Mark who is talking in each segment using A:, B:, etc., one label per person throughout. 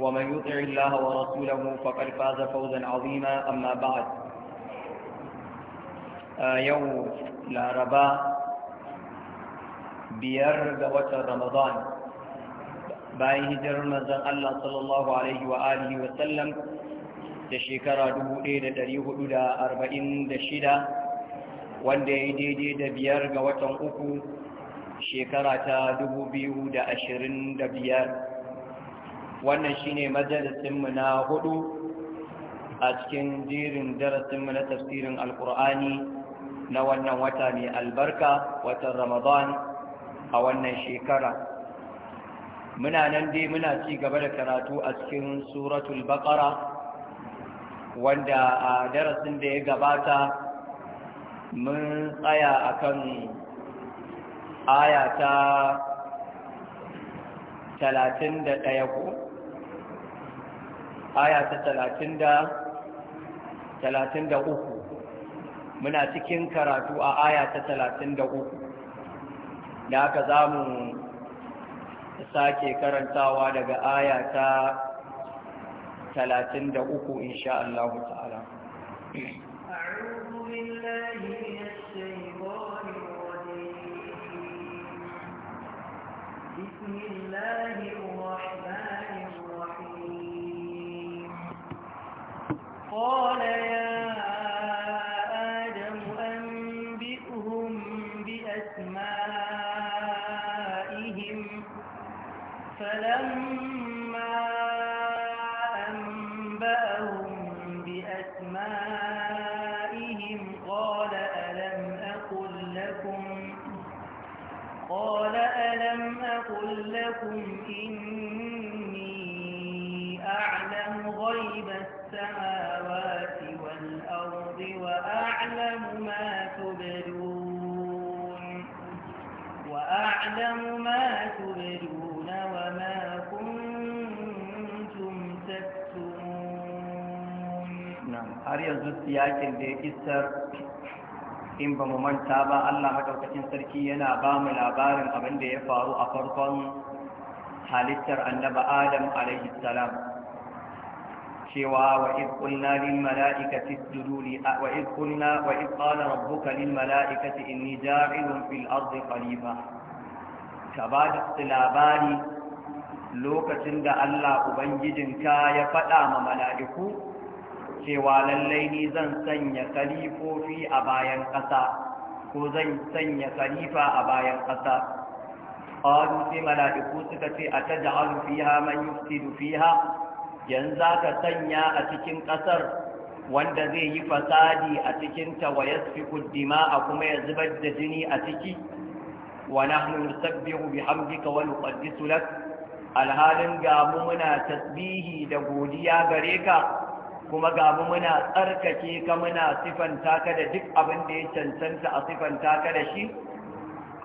A: ومن يطع الله ورسوله فقد فاز فوزا عظيما أما بعد يوم لاربا biyar ga watan Ramadan bayan hijirar manzon Allah sallallahu alaihi wa alihi wa sallam da shekara shida, wanda ya yi daidai da biyar ga watan uku shekara ta biyar. wannan shine majalisinmu na hudu a cikin jirin darasinmu na tafsirin alkur'ani na wannan wata mai albarka watan ramadan a wannan shekara muna nan dai muna ci gaba da karatu a cikin suratul baqara wanda a darasin da ya gabata mun tsaya akan aya ta talatin da ɗaya ko aya ta talatin da uku muna cikin karatu a aya ta talatin da uku da aka za mu sake karantawa daga aya ta talatin da uku insha Allah ta'ala yakin da ya kisar in ba mu manta ba Allah madaukakin sarki yana ba mu labarin abin da ya faru a farkon halittar annaba Adam alaihi salam cewa wa id qulna lil mala'ikati isjudu li wa id qulna wa id qala rabbuka lil mala'ikati inni ja'ilun fil ardi khalifa kabada labari lokacin da Allah ubangijinka ya faɗa ma mala'iku cewa lallai ni zan sanya kalifofi a bayan ƙasa ko zan sanya kalifa a bayan ƙasa ƙalu sai mala'iku suka ce a ta ja'alu fiha man fi fiha yanzu ka sanya a cikin ƙasar wanda zai yi fasadi a wa ya fi yasfiku a kuma ya zubar da jini a ciki wa nahnu nusabbihu bihamdika wa nuqaddisu lak alhalin gamu muna tasbihi da godiya gare ka kuma ga mu muna tsarkake ka muna sifanta ka da duk abin da ya cancanta a sifanta ka da shi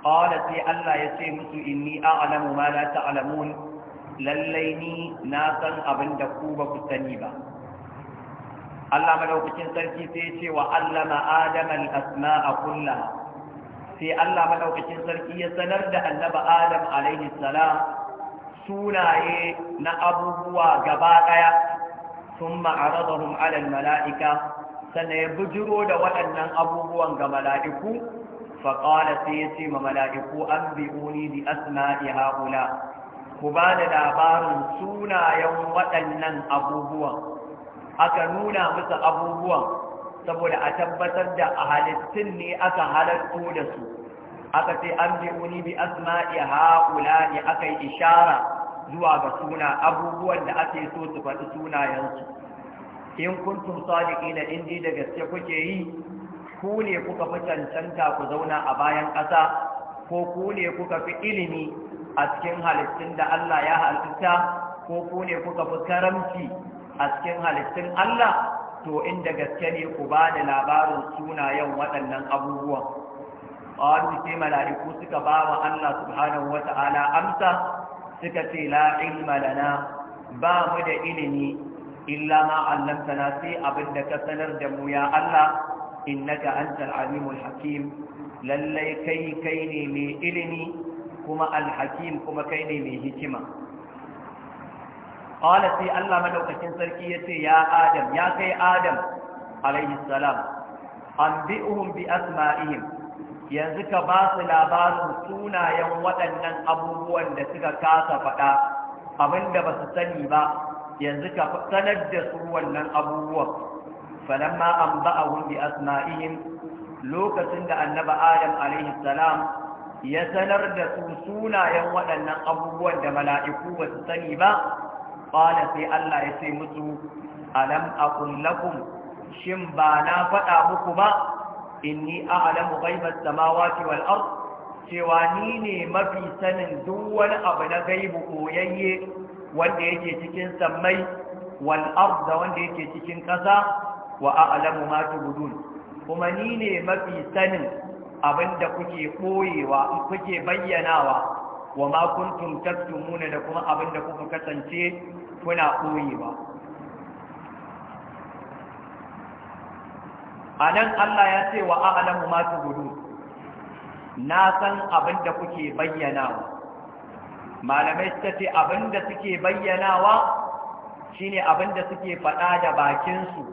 A: qala sai Allah ya ce musu inni a'lamu ma la ta'lamun lallai ni na san abin da ku ba ku sani ba Allah madaukakin sarki sai ce wa allama adama al a kullaha sai Allah madaukakin sarki ya sanar da annaba Adam alaihi salam sunaye na abubuwa gaba daya ثم عرضهم على الملائكة سنبجروا لولنا أبوه وانغ ملائكو فقال سيسي ملائكو أنبئوني بأسماء هؤلاء كبال لابار سونا يوم ولنا أبوه أكنونا مثل أبوه saboda a tabbatar da a halittun ne aka halatto da su aka ce an bi uni bi asma'i ha'ula ne aka yi ishara zuwa ga suna abubuwan da ake so su faɗi sunayensu in kuntum sadiqina in da gaske kuke yi ku ne kuka fi cancanta ku zauna a bayan ƙasa ko ku ne kuka fi ilimi a cikin halittun da Allah ya halitta ko ku ne kuka fi karamci a cikin halittun Allah to inda gaske ne ku ba da labarin sunayen waɗannan abubuwan qalu sai mala'iku suka ba wa Allah subhanahu wata'ala amsa suka ce la ilma lana ba mu da ilimi illa ma allamtana sai abin da ka sanar da mu ya Allah innaka antal alimul hakim lallai kai kai ne mai ilimi kuma alhakim kuma kai ne mai hikima qala sai Allah madaukakin sarki yace ya adam ya kai adam alaihi salam anbi'uhum bi asma'ihim yanzu ka ba su labarin sunayen waɗannan abubuwan da suka kasa faɗa abinda ba su sani ba yanzu ka sanar da su wannan abubuwan ma an a bi asma'ihim lokacin da annaba adam alaihi salam ya sanar da su sunayen waɗannan abubuwan da mala'iku ba su sani ba qala sai Allah ya ce musu alam aqul lakun. shin ba na faɗa muku ba inni a'lamu ghaibas samawati wal ard cewa ni ne mafi sanin duk wani abu na gaibu koyayye wanda yake cikin sammai wal ard da wanda yake cikin ƙasa wa a'lamu ma tubudun kuma ni ne mafi sanin abinda kuke koyewa kuke bayyanawa wa ma kuntum taktumuna da kuma abinda kuka kasance kuna koyewa a nan Allah ya ce wa a'lamu ma gudu. na san abin da kuke bayyanawa malamai suka ce abin da suke bayyanawa shine abin da suke faɗa da bakinsu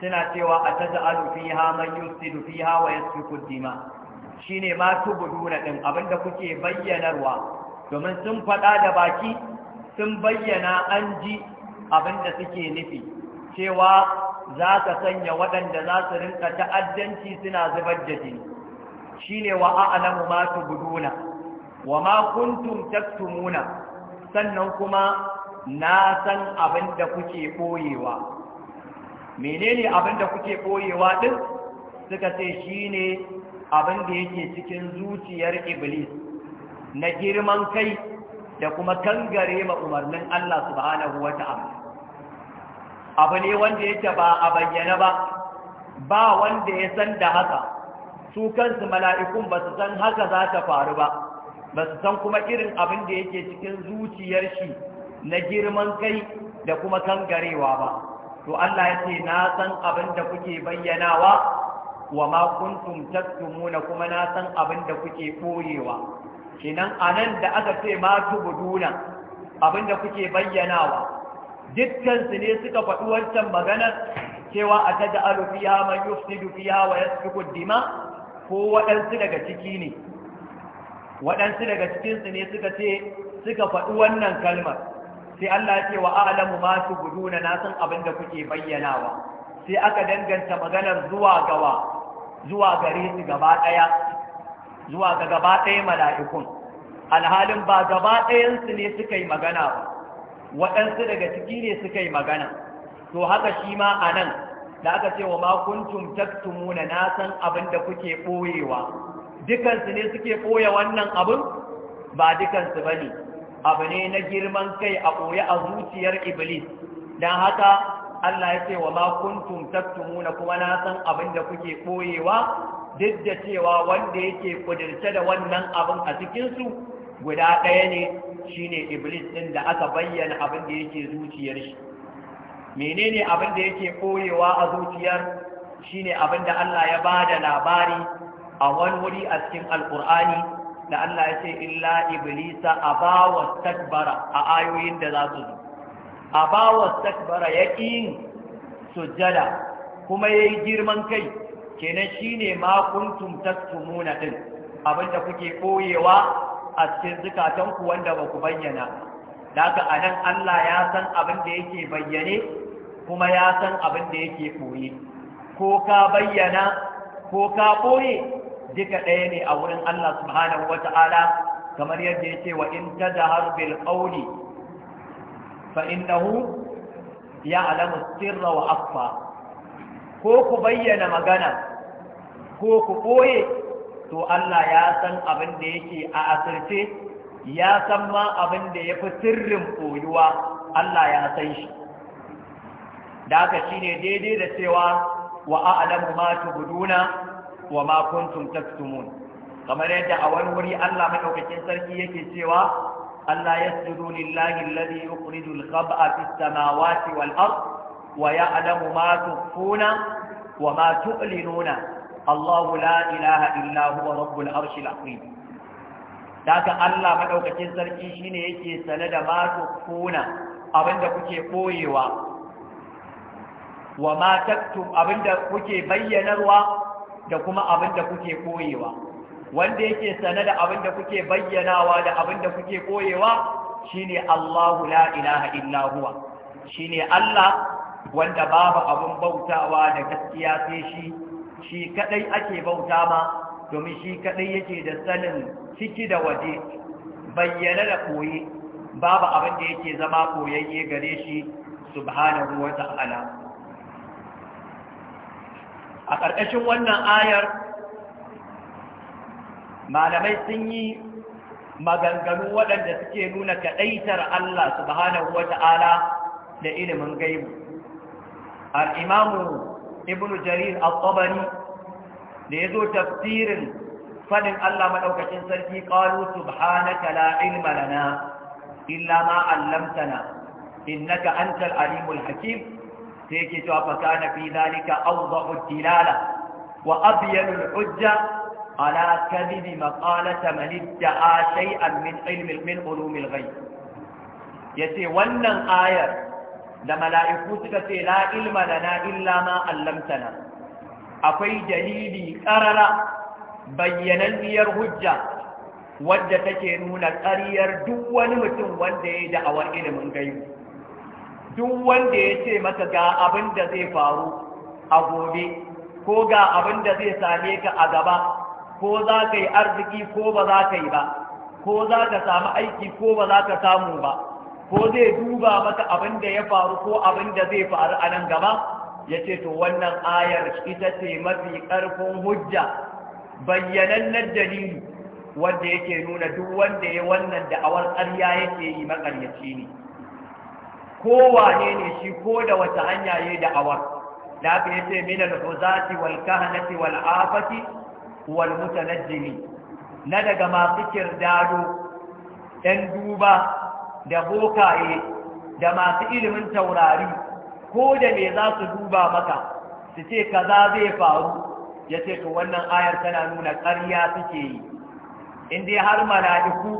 A: suna cewa a taj'alu fiha man yufsidu fiha wa yasfiku dima shine ma na din abin da kuke bayyanarwa domin sun faɗa da baki sun bayyana an ji abin da suke nufi cewa za ka sanya waɗanda za su rinka ta'addanci suna zubar da jini shi shine wa a'alamu ma guduna, wa ma kuntum taktumuna sannan kuma na san abin da kuke koyewa menene abin da kuke koyewa ɗin, suka ce ne abin da yake cikin zuciyar iblis na girman kai da kuma kangare ma umarnin Allah subhanahu wata'ala abu ne wanda yake ba a bayyana ba ba wanda ya san da haka su kansu mala'ikun ba su san haka za ta faru ba ba su san kuma irin abin da yake cikin zuciyar shi na girman kai da kuma kangarewa ba to Allah ya ce na san abin da kuke bayyanawa wa ma kuntum kuma na san abin da kuke koyewa kenan anan da aka ce ma tubuduna abin da kuke bayyanawa dukkansu ne suka faɗi wancan maganar cewa a ta da alufiya man yufsidu fiya wa yasfiku dima ko waɗansu daga ciki ne waɗansu daga cikinsu ne suka ce suka faɗi wannan kalmar sai Allah ya ce wa a'lamu ma guduna na san abin da kuke bayyanawa sai aka danganta maganar zuwa gawa zuwa gare su gaba ɗaya zuwa ga gaba ɗaya mala'ikun alhalin ba gaba ɗayansu ne suka yi magana ba waɗansu daga ciki ne suka yi magana to haka shi ma a nan da aka ce wa ma kuntum taktumuna na san abin da kuke ɓoyewa dukansu ne suke ɓoye wannan abin ba dukansu ba ne abu ne na girman kai a ɓoye a zuciyar iblis don haka Allah ya ce wa ma kuntum taktumuna kuma na san abin da kuke ɓoyewa duk da cewa wanda yake kudirce da wannan abin a cikinsu guda ɗaya ne shine iblis ɗin da aka bayyana abin da yake zuciyar shi menene abin da yake koyewa a zuciyar Shi ne abin da Allah ya ba da labari a wani wuri a cikin alkur'ani da Allah ya ce illa iblisa a wa takbara a ayoyin da za su zo A aba wastakbara yaqin sujjada kuma ya yi girman kai kenan shi shine makuntum tattumuna ɗin. Abin da kuke koyewa a cikin zukatanku wanda ba ku bayyana daga a nan Allah ya san abin da yake bayyane kuma ya san abin da yake ɓoye ko ka bayyana ko ka ɓoye duka ɗaya ne a wurin Allah subhanahu wa ta'ala kamar yadda ya ce wa in ta da harbin ƙauli fa innahu ya sirra wa affa ko ku bayyana magana ko ku ɓoye to Allah ya san abin da yake a asirce ya san ma abin da ya fi sirrin koyuwa Allah ya san shi da haka shi ne daidai da cewa wa a'lamu ma tubduna wa ma kuntum taktumun kamar yadda a wani wuri Allah madaukakin sarki yake cewa Allah yasjudu lillahi alladhi yukhrijul khab'a fis samawati wal ard wa ya'lamu ma tukhfuna wa ma tu'linuna Allahu la ilaha illa huwa rabbul arshil azim daga Allah madaukakin sarki shine yake sane da ma abinda kuke koyewa wa ma taktum abinda kuke bayyanarwa da kuma abinda wanda yake sane da abinda kuke bayyanawa da abinda kuke koyewa shine Allahu la ilaha illa huwa shine Allah wanda babu abin bautawa da gaskiya sai shi shi kadai ake bauta ma domin shi kadai yake da sanin ciki da waje bayyana da koyi babu abin da yake zama koyayye gare shi subhanahu wa ta'ala a ƙarƙashin wannan ayar malamai sun yi maganganu waɗanda suke nuna kaɗaitar Allah subhanahu wa ta'ala da ilimin gaibu al'imamu ibnu jarir al-tabari da yazo tafsirin fadin Allah madaukakin sarki qalu subhanaka la ilma lana illa ma 'allamtana innaka antal alimul hakim sai yake cewa fa kana fi dhalika awdahu dilala wa abyanu hujja ala kadhibi maqalata man idda'a shay'an min ilmi min ulumil ghaib yace wannan ayar da mala'iku suka ce la ilma na illa ma allamtana akwai dalili qarara bayyananniyar hujja wadda take nuna ƙaryar duk wani mutum wanda ya yi da'awar ilimin gaibu duk wanda ya ce maka ga abin da zai faru a gobe ko ga abin da zai same ka a gaba ko za ka yi arziki ko ba za ka yi ba ko za ka samu aiki ko ba za ka samu ba ko zai duba mata abin da ya faru ko abin da zai faru a nan gaba ya ce to wannan ayar ita ce mafi ƙarfin hujja bayyanannen dalili wanda yake nuna duk wanda ya wannan da'awar ƙarya yake yi maƙaryaci ne kowane ne shi ko da wata hanya ya da awar da aka yace min al-huzati wal kahanati wal afati wal mutanajjimi na daga masu kirdado ɗan duba da bokaye da masu ilimin taurari ko da me za su duba maka su ce kaza zai faru ya ce to wannan ayar tana nuna ƙarya suke yi in dai har mala'iku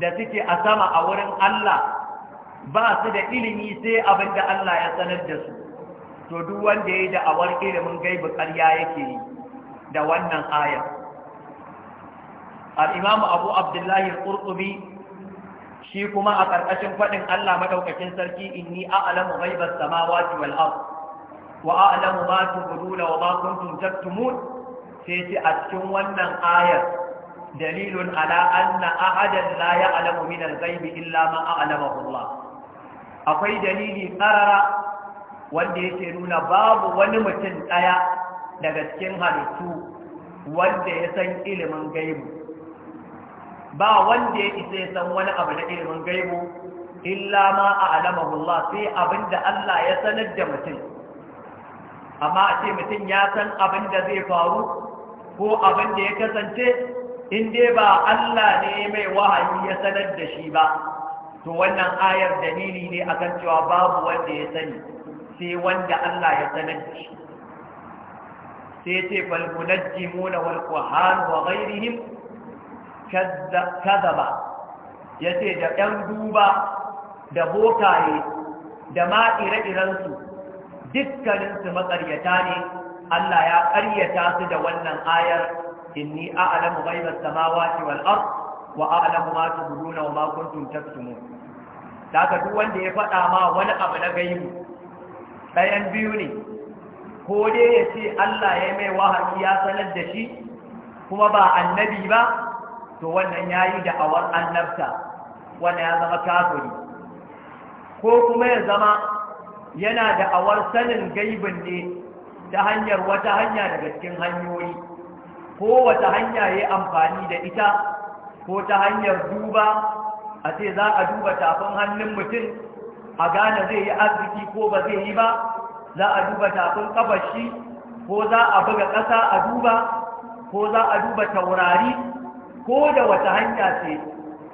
A: da suke a sama a wurin Allah ba su da ilimi sai abin da Allah ya sanar da su to duk wanda ya yi da'awar ilimin gaibu ƙarya yake yi da wannan ayar al-imamu abu abdullahi al-qurtubi shi kuma a ƙarƙashin faɗin Allah maɗaukakin sarki inni a'lamu sama wa wal ard wa a'lamu ma tubduna wa ma kuntum sai ce a cikin wannan ayar dalilun ala anna ahadan la ya'lamu min al-ghaibi illa ma alama Allah akwai dalili tsarara wanda yake nuna babu wani mutum ɗaya daga cikin halittu wanda ya san ilimin gaibu ba wanda ya isa ya san wani abu na ilimin gaibu illa ma a alamahu Allah sai abin da Allah ya sanar da mutum amma a ce mutum ya san abin da zai faru ko abin da ya kasance in dai ba Allah ne mai wahayi ya sanar da shi ba to wannan ayar dalili ne akan cewa babu wanda ya sani sai wanda Allah ya sanar da shi sai ce falmunajjimuna wal wa ghairihim kazaba ya ce da ɗan duba da bokaye da ma ire-irensu dukkaninsu maƙaryata ne Allah ya ƙaryata su da wannan ayar inni a'lamu ghaibas samawati kewal ard wa a'lamu ma tubduna wa makuntun kuntum taktumun daga duk wanda ya faɗa ma wani abu na gaibu ɗayan biyu ne ko dai ya ce Allah ya mai wahayi ya sanar da shi kuma ba annabi ba to wannan ya yi da'awar annabta wannan ya zama kafiri ko kuma ya zama yana da'awar sanin gaibin ne ta hanyar wata hanya daga cikin hanyoyi ko wata hanya ya amfani da ita ko ta hanyar duba a ce za a duba tafin hannun mutum a gane zai yi arziki ko ba zai yi ba za a duba tafin kabashi ko za a buga ƙasa a duba ko za a duba taurari ko da wata hanya ce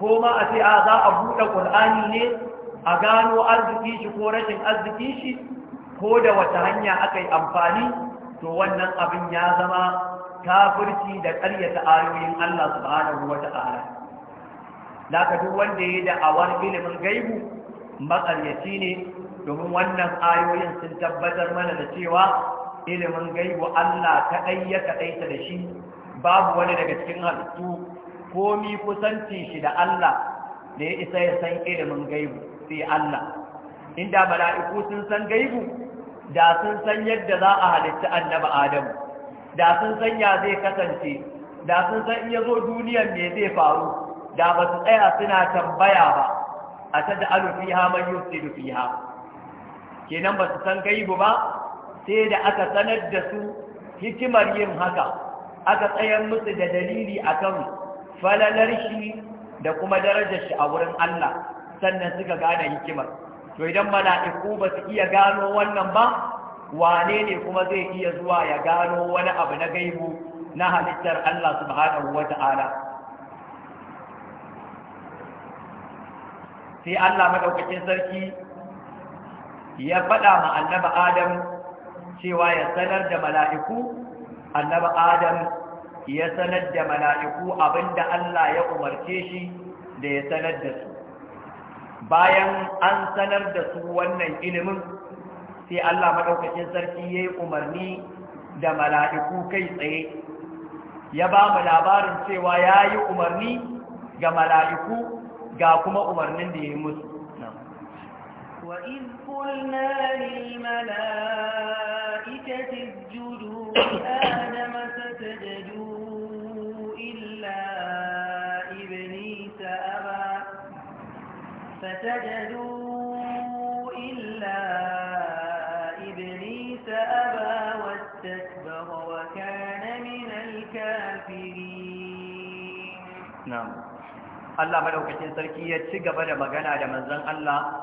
A: ko ma a ce a za a buɗe ƙul'ani ne a gano arziki shi ko rashin arziki shi ko da wata hanya aka yi amfani to wannan abin ya zama kafirci da ƙaryata ayoyin Allah subhanahu wa ta'ala laka duk wanda ya da a wani ilimin gaibu matsaryaci ne domin wannan ayoyin sun tabbatar mana da cewa ilimin gaibu Allah kaɗai ya kaɗaita da shi babu wani daga cikin halittu komi kusanci shi da Allah da ya isa ya san ilimin gaibu sai Allah inda mala'iku sun san gaibu da sun san yadda za a halitta annaba Adamu da sun san ya zai kasance da sun san iya zo duniyar me zai faru da ba su tsaya suna tambaya ba a ta da alufiha man yusidu fiha kenan ba su san gaibu ba sai da aka sanar da su hikimar yin haka aka tsayar musu da dalili akan falalar shi da kuma darajar shi a wurin Allah sannan suka gane hikimar to idan mala'iku ba su iya gano wannan ba wane ne kuma zai iya zuwa ya gano wani abu na gaibu na halittar Allah subhanahu wata'ala sai Allah madaukakin sarki ya faɗa ma annaba Adam cewa ya sanar da mala'iku annaba Adam ya sanar da mala'iku abinda Allah ya umarce shi da ya sanar da su bayan an sanar da su wannan ilimin sai Allah maɗaukacin sarki ya yi umarni da mala'iku kai tsaye ya ba mu labarin cewa ya yi umarni ga mala'iku ga kuma umarnin da ya yi musu
B: فسجدوا إلا إبليس أبى واستكبر وكان من الكافرين
A: نعم Allah madaukakin sarki ya ci gaba da magana da manzon Allah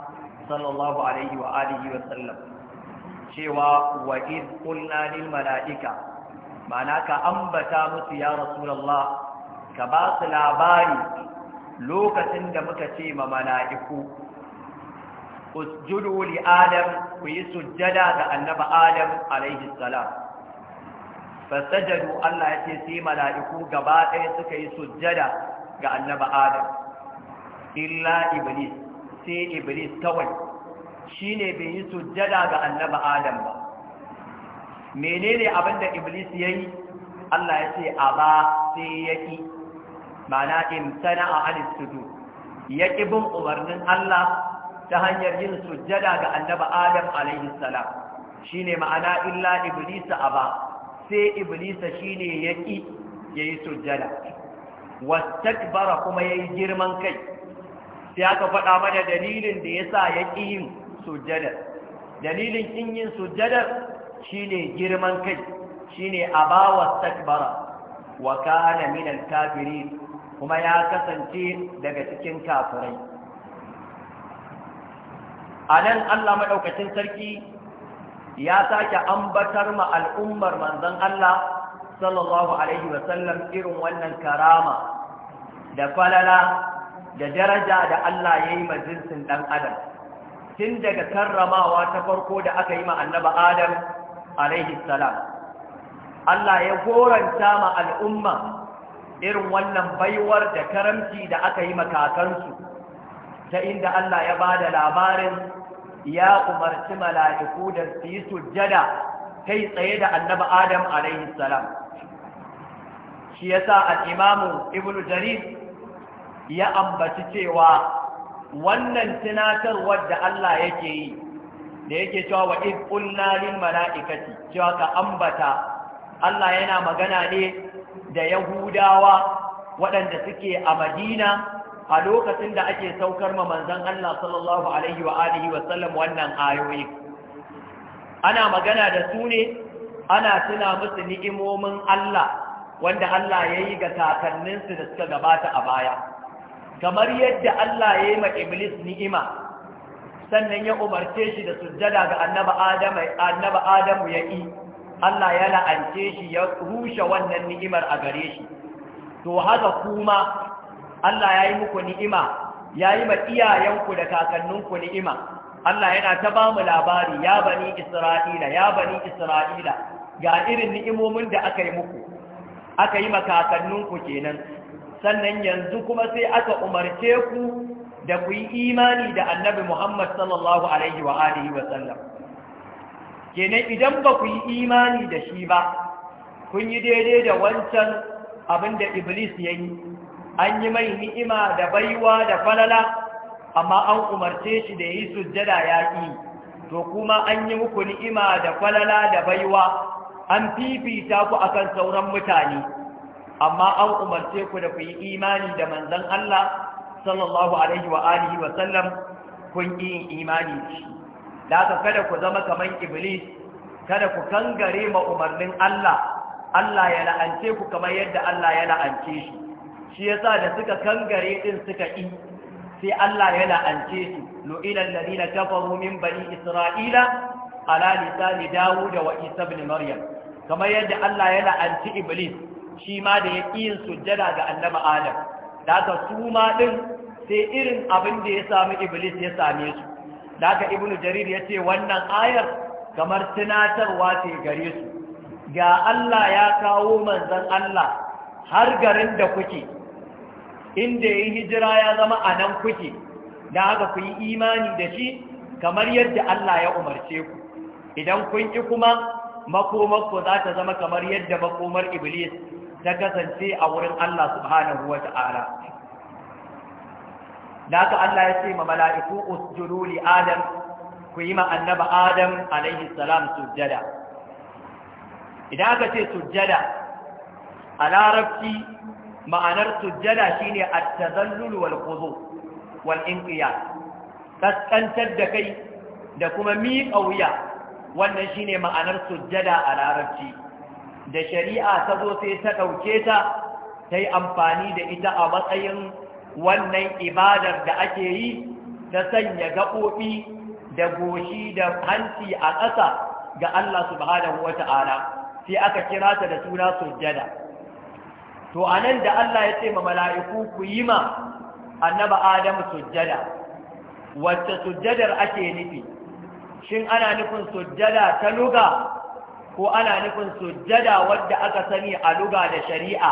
A: sallallahu alaihi wa alihi wa sallam cewa wa id qulna lil malaika ma'ana ka ambata musu ya rasulullah ka ba su labari lokacin da muka ce ma mala'iku usjudu li adam ku yi sujjada ga annaba adam alaihi salam fasajadu Allah ya ce sai mala'iku gaba ɗaya suka yi sujjada ga annaba adam illa iblis sai iblis kawai shine bai yi sujjada ga annaba adam ba menene abinda Iblis iblis yayi Allah ya ce aba sai yaki ma'ana imtana a alis sujud ya ƙi bin umarnin Allah ta hanyar yin sujjada ga annaba Adam alaihi Shi ne ma'ana illa iblisa aba sai iblisa shine ya ƙi yayi sujjada wastakbara kuma yayi girman kai sai aka faɗa mana dalilin da yasa ya ƙi yin sujjada dalilin kin yin shi ne girman kai shine aba wastakbara wa kana minal kafirin kuma ya kasance daga cikin kafirai a nan allah maɗaukacin sarki ya sake ambatar ma al'ummar manzon allah sallallahu alaihi wasallam irin wannan karama da falala da daraja da allah ya yi ma jinsin ɗan adam tun daga karramawa ta farko da aka yi ma annaba adam alaihi salam Allah ya goranta ma al'umma irin wannan baiwar da karamci da aka yi makakansu ta inda Allah ya ba da labarin ya umarci mala'iku da su yi sujjada kai tsaye da annaba Adam alaihi salam shi yasa al-imamu ibnu jarir ya ambaci cewa wannan tunatarwar da Allah yake yi da yake cewa wa iz mala'ikati cewa ka ambata Allah yana magana ne da yahudawa waɗanda suke a madina a lokacin da ake saukar ma manzon Allah sallallahu alaihi wa alihi wa wannan ayoyi ana magana da su ne ana tuna musu ni'imomin Allah wanda Allah ya yi ga kakanninsu da suka gabata a baya kamar yadda Allah ya yi ma iblis ni'ima sannan ya umarce shi da sujjada ga annaba adamu ya yi Allah ya la'ance shi ya rushe wannan ni'imar a gare shi to haka kuma Allah ya yi muku ni'ima ya yi ma iyayenku da kakanninku ni'ima Allah yana ta ba mu labari ya bani Isra'ila ya bani Isra'ila ga irin ni'imomin da aka yi muku aka yi ma kakanninku kenan sannan yanzu kuma sai aka umarce ku da ku yi imani da annabi Muhammad sallallahu alaihi wa alihi wa sallam kenan idan ba ku yi imani da shi ba kun yi daidai da wancan abin da iblis ya yi an yi mai ni'ima da baiwa da falala amma an umarce shi da yi sujjada ya ƙi to kuma an yi muku ni'ima da falala da baiwa an fifita ku akan sauran mutane amma an umarce ku da ku yi imani da manzon Allah sallallahu alaihi wa alihi wa sallam kun yi imani da shi da haka kada ku zama kaman iblis kada ku kangare ma umarnin Allah Allah ya la'ance ku kamar yadda Allah ya la'ance shi shi yasa da suka kangare din suka yi sai Allah ya la'ance su lu'ila alladhina kafaru min bani isra'ila ala lisani dawud wa isa ibn maryam kamar yadda Allah ya la'anci iblis shi ma da ya yin sujjada ga annabi adam da haka su ma din sai irin abin da ya sami iblis ya same su da aka ibnu jarir ya ce wannan ayar kamar tunatarwa ce gare su ga Allah ya kawo manzan Allah har garin da kuke inda ya hijira ya zama a nan kuke da haka ku yi imani da shi kamar yadda Allah ya umarce ku idan kun ki kuma makomarku za ta zama kamar yadda makomar iblis ta kasance a wurin Allah subhanahu wa ta'ala da haka Allah ya ce ma mala'iku usjudu li adam ku yi ma annaba adam alaihi salam sujjada idan aka ce sujjada a larabci ma'anar sujjada shine at-tazallul wal wal inqiyad kaskantar da kai da kuma miƙa wuya wannan shine ma'anar sujjada a larabci da shari'a ta zo sai ta ɗauke ta ta yi amfani da ita a matsayin wannan ibadar da ake yi ta sanya gaɓoɓi da goshi da hanci a ƙasa ga Allah subhanahu wa ta'ala sai aka kira ta da suna sujjada to a nan da Allah ya ce ma mala'iku ku yi ma annaba Adamu sujjada wacce sujjadar ake nufi shin ana nufin sujjada ta luga ko ana nufin sujjada wadda aka sani a luga da shari'a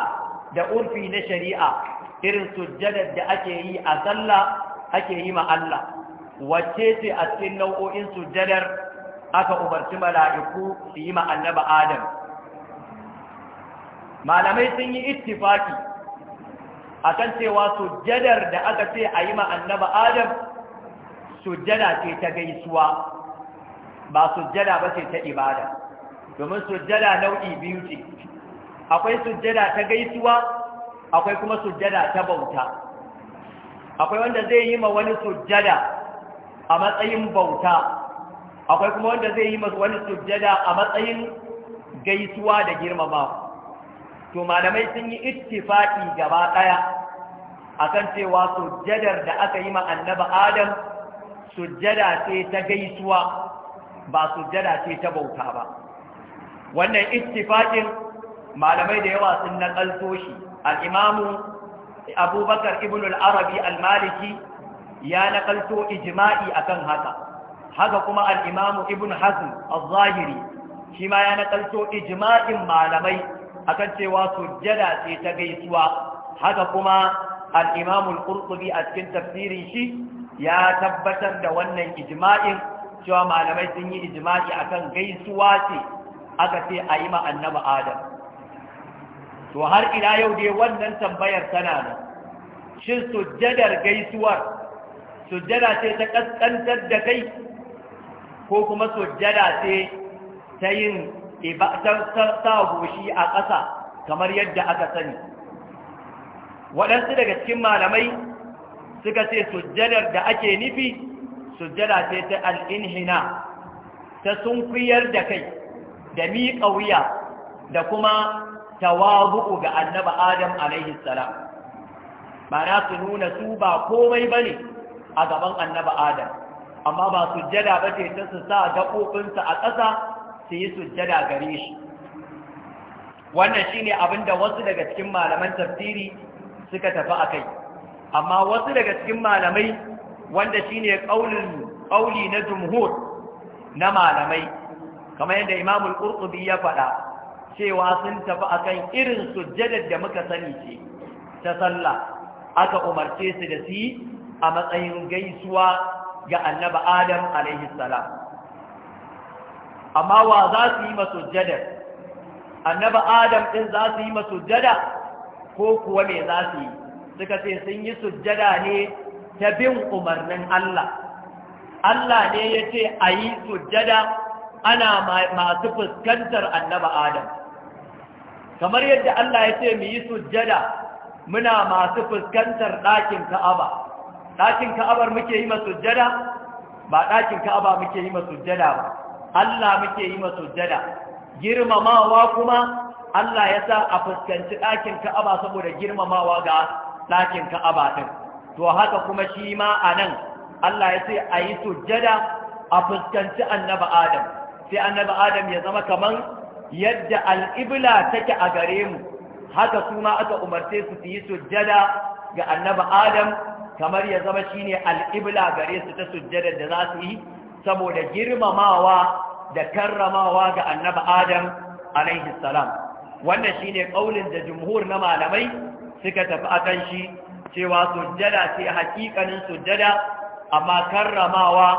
A: da urfi na shari'a irin sujjadar da ake yi a sallah ake yi ma Allah wacce ce a cikin nau'o'in sujjadar aka umarci mala'iku su yi ma annaba Adam malamai sun yi ittifaki akan cewa sujjadar da aka ce a yi ma annaba Adam sujjada ce ta gaisuwa ba sujjada ba ce ta ibada domin sujjada nau'i biyu ce akwai sujjada ta gaisuwa akwai kuma sujjada ta bauta akwai wanda zai yi ma wani sujjada a matsayin bauta akwai kuma wanda zai yi ma wani sujjada a matsayin gaisuwa da girmama to malamai sun yi ittifaqi gaba daya akan cewa sujjadar da aka yi ma annabi adam sujjada ce ta gaisuwa ba sujjada ce ta bauta ba wannan ittifaqin malamai da yawa sun nakalto shi al abubakar ibn al-arabi al-maliki ya nakalto ijma'i akan haka haka kuma al-imam ibn hazm al-zahiri shi ya nakalto ijma'in malamai akan cewa sujjada ce ta gaisuwa haka kuma al-imam al a cikin tafsirin shi ya tabbatar da wannan ijma'in cewa malamai sun yi ijma'i akan gaisuwa ce aka ce a yi ma annabi adam to har ila yau dai wannan tambayar tana da shin sujjadar gaisuwar sujjada ce ta kaskantar da kai ko kuma sujjada ce ta yin sa goshi a ƙasa kamar yadda aka sani waɗansu daga cikin malamai suka ce sujjadar da ake nufi sujjada ce ta al'inhina ta sunkuyar da kai da miƙa wuya da kuma tawabu'u ga annabi adam alaihi salam ba na su nuna su ba komai bane a gaban annabi adam amma ba sujjada ba ce ta su sa gaɓoɓinsa a ƙasa su yi sujjada gare shi wannan shine abin da wasu daga cikin malaman tafsiri suka tafi a kai amma wasu daga cikin malamai wanda shine ƙauli na jumhur na malamai kamar yadda imamul ƙurƙubi ya faɗa cewa sun tafi akan irin sujjadar da muka sani ce ta sallah aka umarce su da su a matsayin gaisuwa ga annaba adam alaihi salam amma wa za su yi masujjadar annaba adam din za su yi masujjada ko kuwa mai za su yi suka ce sun yi sujjada ne ta bin umarnin Allah Allah ne ya ce a yi sujjada ana masu fuskantar annaba adam kamar yadda Allah ya ce mu yi sujjada muna masu fuskantar ɗakin Ka'aba ɗakin Ka'abar muke yi sujjada, ba ɗakin Ka'aba muke yi sujjada ba Allah muke yi sujjada, girmamawa kuma Allah ya sa a fuskanci ɗakin Ka'aba saboda girmamawa ga ɗakin Ka'aba din to haka kuma shi ma nan, Allah ya ce a yi sujjada a fuskanci annabi Adam sai annabi Adam ya zama kaman yadda al'ibla take a gare mu haka su ma aka umarce su su yi sujjada ga annabi adam kamar ya zama ne al'ibla gare su ta sujjada da za su yi saboda girmamawa da karramawa ga annabi adam alaihi salam wannan shine ƙaunin da jumhur na malamai suka tafi akan shi cewa sujjada sai hakikanin sujjada amma karramawa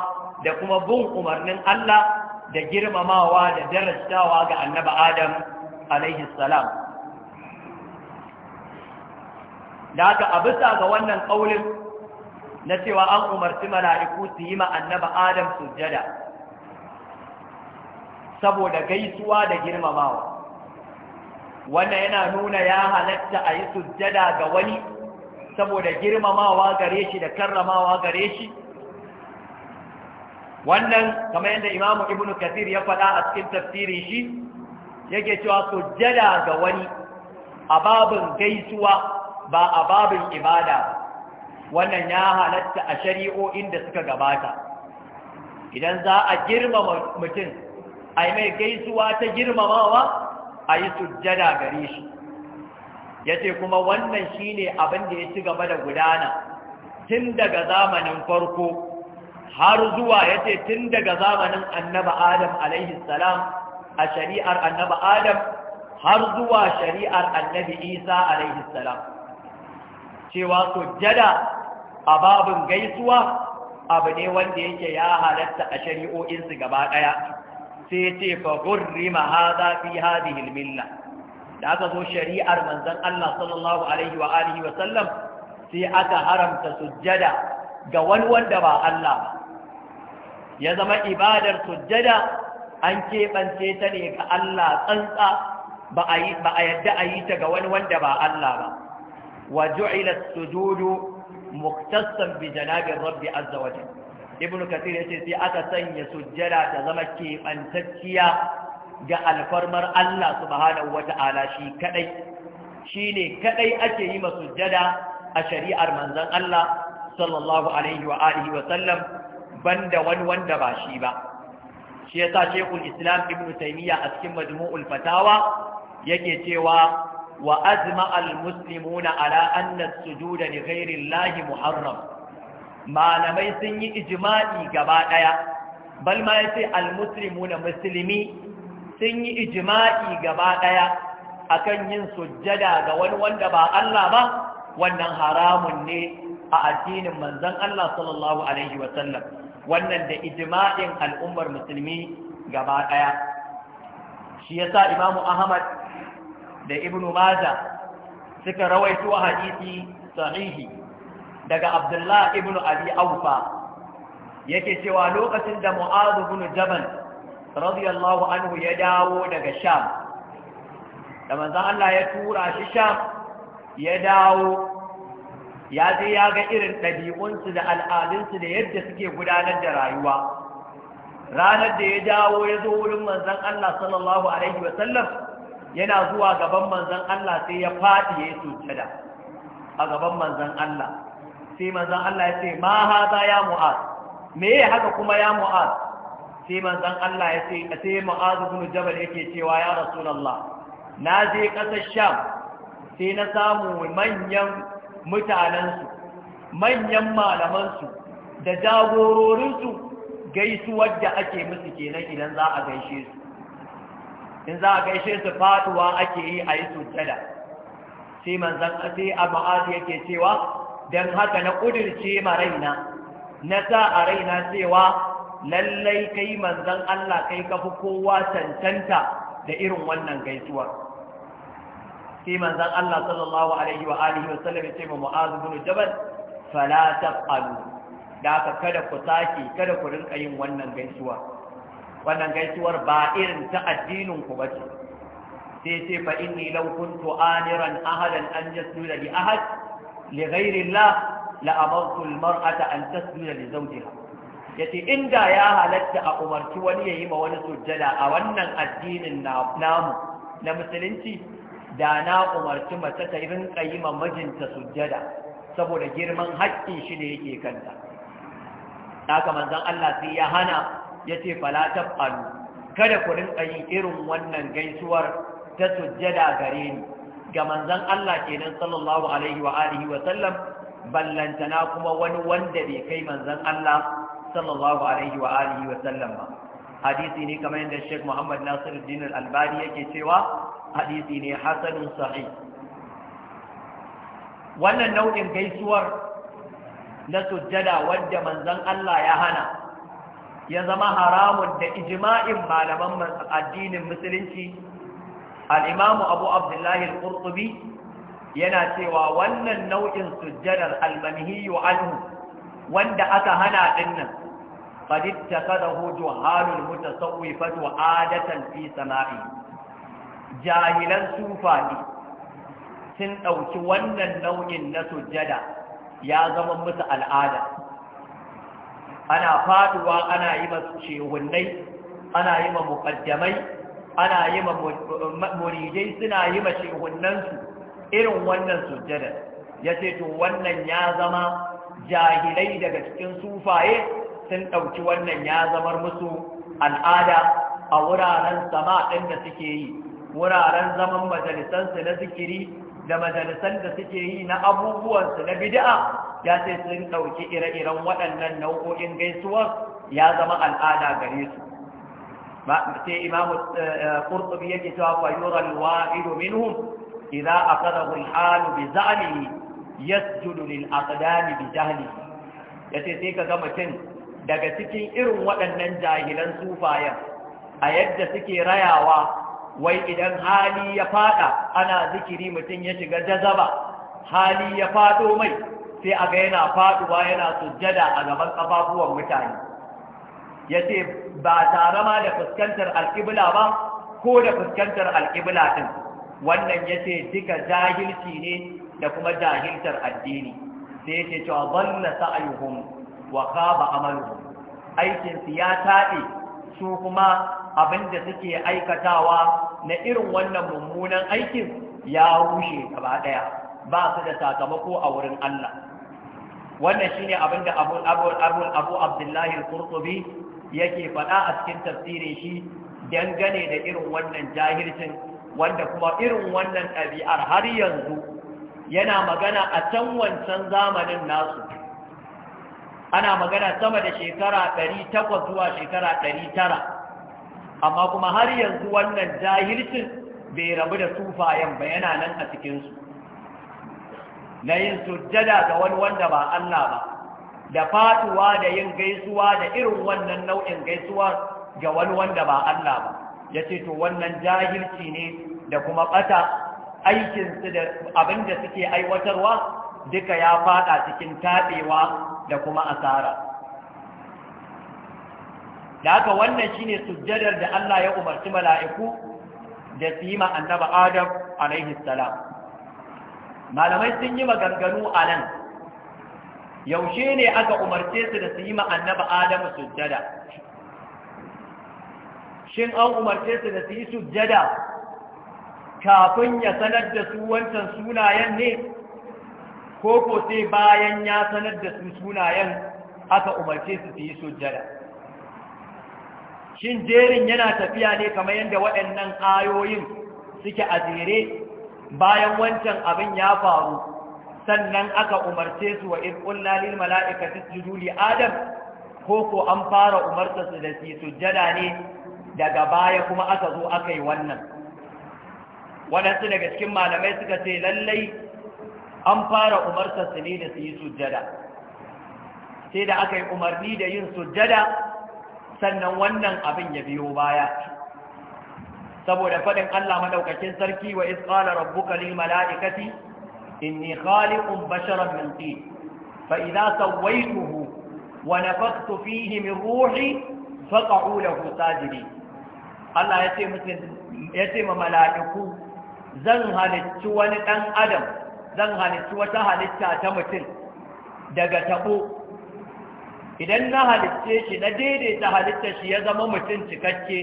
A: da kuma bin umarnin Allah da girmamawa da darastawa ga annaba adam alaihi salam da aka abisa ga wannan ƙaunin na cewa an umarci mala'iku su yi ma Annabi adam sujada saboda gaisuwa da girmamawa wannan yana nuna ya halatta a yi sujjada ga wani saboda girmamawa gare shi da karramawa gare shi wannan kamar yadda imamu ibn kathir ya faɗa a cikin tafsirin shi yake cewa sujjada ga wani ababin gaisuwa ba a babin ibada wannan ya halatta a shari'o'in da suka gabata idan za a girmama mutum a yi mai gaisuwa ta girmamawa a yi sujjada gare shi ya ce kuma wannan shine abin da ya ci gaba da gudana tun daga zamanin farko har zuwa yace tun daga zamanin annaba adam alaihi salam a shari'ar annabi adam har zuwa shari'ar annabi isa alaihi salam cewa sujjada a babin gaisuwa abu ne wanda yake ya halatta a shari'o'insu gaba ɗaya sai ce fa gurrima hadha fi hadhihi da aka zo shari'ar manzon Allah sallallahu alaihi wa alihi wa sallam sai aka haramta sujjada ga wani wanda ba Allah ba ya zama ibadar sujjada an keɓance ta ne ga Allah tsantsa ba a yadda a yi ta ga wani wanda ba Allah ba wa ju'ila sujudu muktasan bi janabin rabbi azza wa ibn kathir yace sai aka sanya sujjada ta zama keɓantacciya ga alfarmar Allah subhanahu wata'ala shi kadai shine kadai ake yi masujjada a shari'ar manzon Allah sallallahu alaihi wa alihi wa sallam banda wani wanda ba shi ba shi yasa shekul islam ibn taymiya a cikin majmu'ul fatawa yake cewa wa azma al muslimuna ala anna sujuda li ghairi llahi muharram malamai sun yi ijma'i gaba daya bal ma yace al muslimuna muslimi sun yi ijma'i gaba daya akan yin sujjada ga wani wanda ba Allah ba wannan haramun ne a addinin manzon Allah sallallahu alaihi wa sallam wannan da ijma'in al'ummar musulmi gaba ɗaya. shi yasa Imam Ahmad da Ibn Majah suka rawaito hadisi sahihi daga Abdullah ibn Abi Awfa yake cewa lokacin da Mu'adh ibn Jabal radiyallahu anhu ya dawo daga Sham da manzon Allah ya tura shi Sham ya dawo ya je ya ga irin ɗabi'unsu da al'adunsu da yadda suke gudanar da rayuwa ranar da ya dawo ya zo wurin Manzan Allah sallallahu alaihi wa sallam yana zuwa gaban Manzan Allah sai ya faɗi ya yi sujjada a gaban Manzan Allah sai Manzan Allah ya ce ma haza ya mu'az me ya haka kuma ya mu'az sai Manzan Allah ya ce sai mu'az ibn jabal yake cewa ya rasulullah na je ƙasar sham sai na samu manyan mutanensu manyan malamansu da jagororinsu gaisuwar da ake musu kenan idan za a gaishe su in za a gaishe su faduwa ake yi a yi sujjada sai manzan sai a ma'azi yake cewa 'Dan haka na ƙudurce ma raina na sa a raina cewa lallai kai manzan Allah kai kafi kowa cancanta da irin wannan gaisuwar sai manzon Allah sallallahu alaihi wa alihi wa sallam ya ce ma Mu'az bin Jabal fala taqalu da kada ku saki kada ku rinka yin wannan gaisuwa wannan gaisuwar ba irin ta addinin ku bace sai sai fa inni law kuntu aniran ahadan an yasjuda li ahad li ghairi Allah la amartu al mar'ata an tasjuda li zawjiha ya ce inda ya halatta a umarci wani ya yi ma wani sujjada a wannan addinin namu na musulunci da na umarci mace ta rinka ma mijinta sujjada saboda girman haƙƙin shi da yake kanta haka zan Allah sai ya hana ce fala Ado, kada ku rinka yin irin wannan gaisuwar ta sujjada gare ni ga manzon Allah kenan sallallahu alaihi wa alihi wa sallam ballantana kuma wani wanda bai kai manzon Allah sallallahu alaihi wa alihi wa sallam ba hadisi ne kamar yadda Sheikh Muhammad Nasiruddin Al-Albani yake cewa hadisi ne hasanun sahih wannan nau'in gaisuwar na sujjada wadda manzon Allah ya hana ya zama haramun da ijma'in malaman addinin musulunci al-Imam Abu Abdullah al-Qurtubi yana cewa wannan nau'in sujjadar al-manhiyu anhu wanda aka hana dinnan قد اتخذه جهال المتصوفة عادة في سماعه جاهلا سوفاني sun ɗauki wannan nau'in na sujjada ya zama musu al'ada ana faduwa ana yi ma shehunnai ana yi ma muƙaddamai ana yi ma muridai suna yi ma shehunnansu irin wannan sujjada ya ce to wannan ya zama jahilai daga cikin sufaye sun ɗauki wannan ya zamar musu al'ada a wuraren sama ɗin da suke yi wuraren zaman majalisansu na zikiri da majalisan da suke yi na abubuwansu na bid'a ya ce sun ɗauki ire-iren waɗannan nau'o'in gaisuwar ya zama al'ada gare su sai imamu ƙurtubi eh, yake cewa fayuran wa'idu minhum idza aqadahu al-halu bi za'lihi yasjudu lil aqdami bi jahlihi yace sai ka ga mutum daga cikin irin waɗannan jahilan sufayen a yadda suke rayawa wai idan hali ya fada ana zikiri mutum ya shiga jazaba hali ya fado mai sai a ga yana faduwa yana sujjada a gaban kafafuwan mutane ya ce ba tare ma da fuskantar alƙibla ba ko da fuskantar alƙibla ɗin wannan ya ce duka jahilci ne da kuma jahiltar addini sai ya ce cewa balla sa'ayuhum wa khaba amalu aikin ya tabe su kuma abinda suke aikatawa na irin wannan mummunan aikin ya rushe gaba daya ba su da sakamako a wurin Allah wannan shine abinda Abu Abu Abu Abu Abdullah al-Qurtubi yake faɗa a cikin tafsirin shi dangane da irin wannan jahilcin wanda kuma irin wannan ɗabi'ar har yanzu yana magana a can wancan zamanin nasu ana magana sama da shekara 800 zuwa shekara tara, amma kuma har yanzu wannan jahilcin bai rabu da sufayen ba yana nan a cikinsu na yin sujjada ga wani wanda ba Allah ba da fatuwa da yin gaisuwa da irin wannan nau'in gaisuwa ga wani wanda ba Allah ba ya ce to wannan jahilci ne da kuma bata aikinsu da abinda suke aiwatarwa duka ya faɗa cikin taɓewa da kuma asara da haka wannan shine sujjadar da Allah ya umarci mala'iku da su yi ma Adam alaihi salam malamai sun yi maganganu a nan yaushe ne aka umarce su da su yi ma Adam sujjada shin an umarce su da su yi sujjada kafin ya sanar da su wancan sunayen ne ko ko sai bayan ya sanar da su sunayen aka umarce su su yi sujjada shin jerin yana tafiya ne kamar yadda waɗannan ayoyin suke a jere bayan wancan abin ya faru sannan aka umarce su wa irƙulla lil mala'ikati isjudu li adam ko ko an fara umarta su da su sujjada ne daga baya kuma aka zo aka yi wannan waɗansu daga cikin malamai suka ce lallai an fara umarsa su ne da su yi sujjada sai da aka yi umarni da yin sujjada sannan wannan abin ya biyo baya saboda faɗin Allah madaukakin sarki wa isqala rabbuka lil mala'ikati inni khaliqun basharan min tin fa idza sawaituhu wa nafakhtu fihi min ruhi faq'u lahu sajidin Allah ya ce mutum ya ce ma mala'iku zan halicci wani dan adam zan halittu wata halitta ta mutum daga tabo idan na halitte shi na daidaita halitta shi ya zama mutum cikakke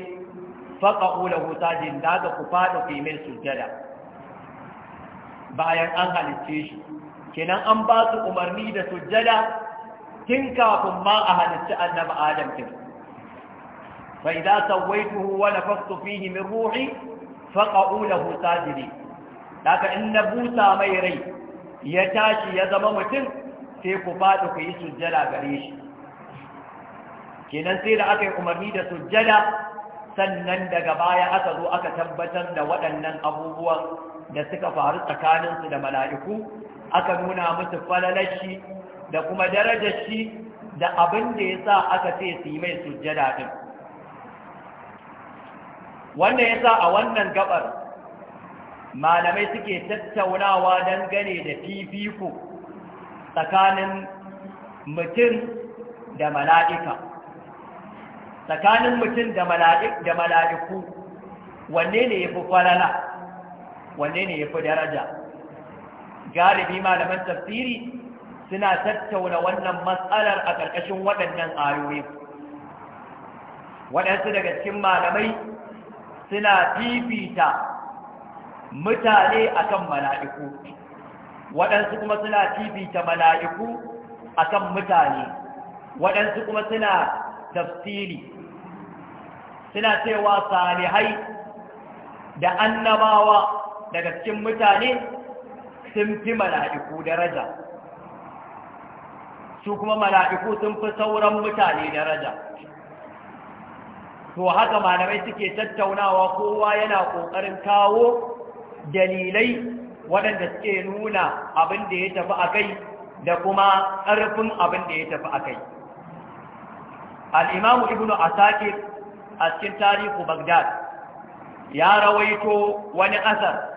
A: faƙa'u da hutajin da ga ku faɗa fimin sujjada bayan an halitte shi kenan an ba su umarni da sujjada tun kafin ma a halitta annaba adam kin fa idza sawaituhu wa nafaqtu fihi min ruhi faqa'u lahu Daka in na busa mai rai ya tashi ya zama mutum sai ku faɗi ku yi sujjada gare shi kenan sai da aka yi umarni da sujjada sannan daga baya aka zo aka tabbatar da waɗannan abubuwan da suka faru tsakaninsu da mala'iku aka nuna musu falalashi da kuma darajar shi da abin da ya sa aka ce su yi mai sujjada ɗin wannan ya sa a wannan gabar malamai suke tattaunawa dangane da fifiko tsakanin mutum da mala'ika tsakanin mutum da mala'iku wanne ne ya fi falala wanne ne ya fi daraja galibi malaman tafsiri suna tattauna wannan matsalar a ƙarƙashin waɗannan ayoyi waɗansu daga cikin malamai suna fifita mutane akan mala'iku waɗansu kuma suna fifita mala'iku akan mutane waɗansu kuma suna tafsiri suna cewa salihai da annabawa daga cikin mutane sun fi mala'iku daraja su kuma mala'iku sun fi sauran mutane daraja to haka malamai suke tattaunawa kowa yana ƙoƙarin kawo dalilai waɗanda suke nuna abin da ya tafi a kai da kuma ƙarfin abin da ya tafi a kai al'imamu ibnu asakir a cikin tarihu bagdad ya rawaito wani asar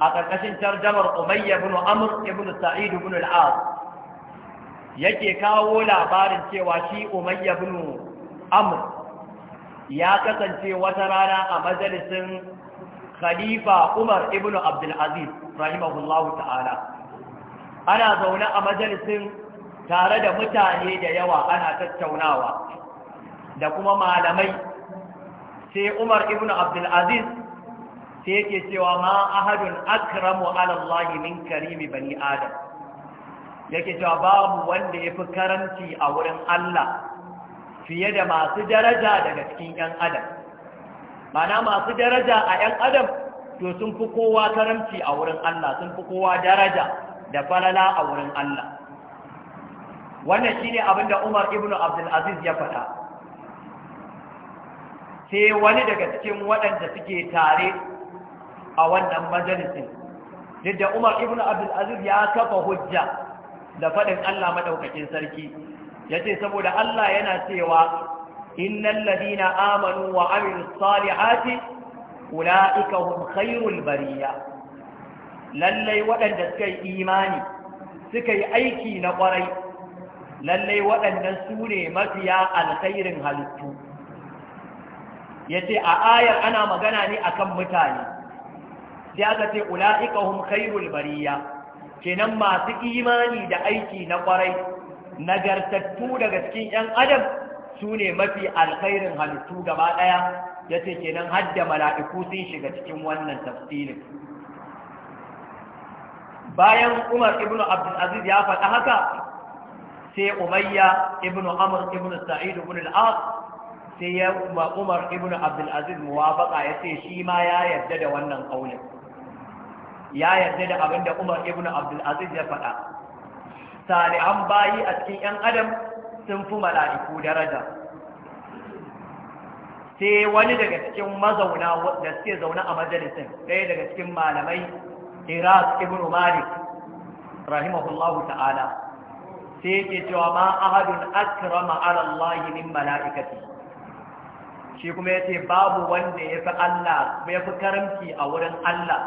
A: a ƙarƙashin tarjamar umayya ibn amr ibn sa'id ibn al'ad yake kawo labarin cewa shi umayya ibn amr ya kasance wata rana a majalisin khalifa Umar ibn Abdul Aziz rahimahullahu ta'ala ana zaune a majalisin tare da mutane da yawa ana tattaunawa da kuma malamai sai Umar ibn Abdul Aziz sai yake cewa ma ahadun akramu ala Allah min karimi bani Adam yake cewa babu wanda yafi karanci a wurin Allah fiye da masu daraja daga cikin 'yan adam mana masu daraja a 'yan adam to sun fi kowa karamci a wurin Allah sun fi kowa daraja da falala a wurin Allah wannan shine abin da Umar ibn Abdul Aziz ya faɗa sai wani daga cikin waɗanda suke tare a wannan majalisin duk da Umar ibn Abdul Aziz ya kafa hujja da faɗin Allah madaukakin sarki yace saboda Allah yana cewa innal na amanu wa amilus salihati ulaika hum khairul bariya lallai waɗanda suka yi imani suka yi aiki na ƙwarai lallai waɗannan su mafiya alkhairin halittu ya ce a ayar ana magana ne akan mutane sai aka ce ula'ika hum khairul bariya kenan masu imani da aiki na ƙwarai nagartattu daga cikin 'yan adam su ne mafi alkhairin halittu gaba ɗaya ya ce kenan hadda mala'iku sun shiga cikin wannan tafsirin bayan umar ibn abdulaziz ya faɗa haka sai umayya ibn Amur, ibn sa'id ibn al sai ya ma umar ibn abdulaziz muwafaqa ya ce shi ma ya yarda da wannan kaulin ya yarda da abinda umar ibn abdulaziz ya faɗa salihan bayi a cikin yan adam sun fi mala'iku daraja sai wani daga cikin mazauna da suke zaune a majalisin ɗaya daga cikin malamai iras ibn malik rahimahullahu ta'ala sai yake cewa ma ahadun akrama ala Allah min mala'ikati shi kuma yace babu wanda yafi Allah karamci a wurin Allah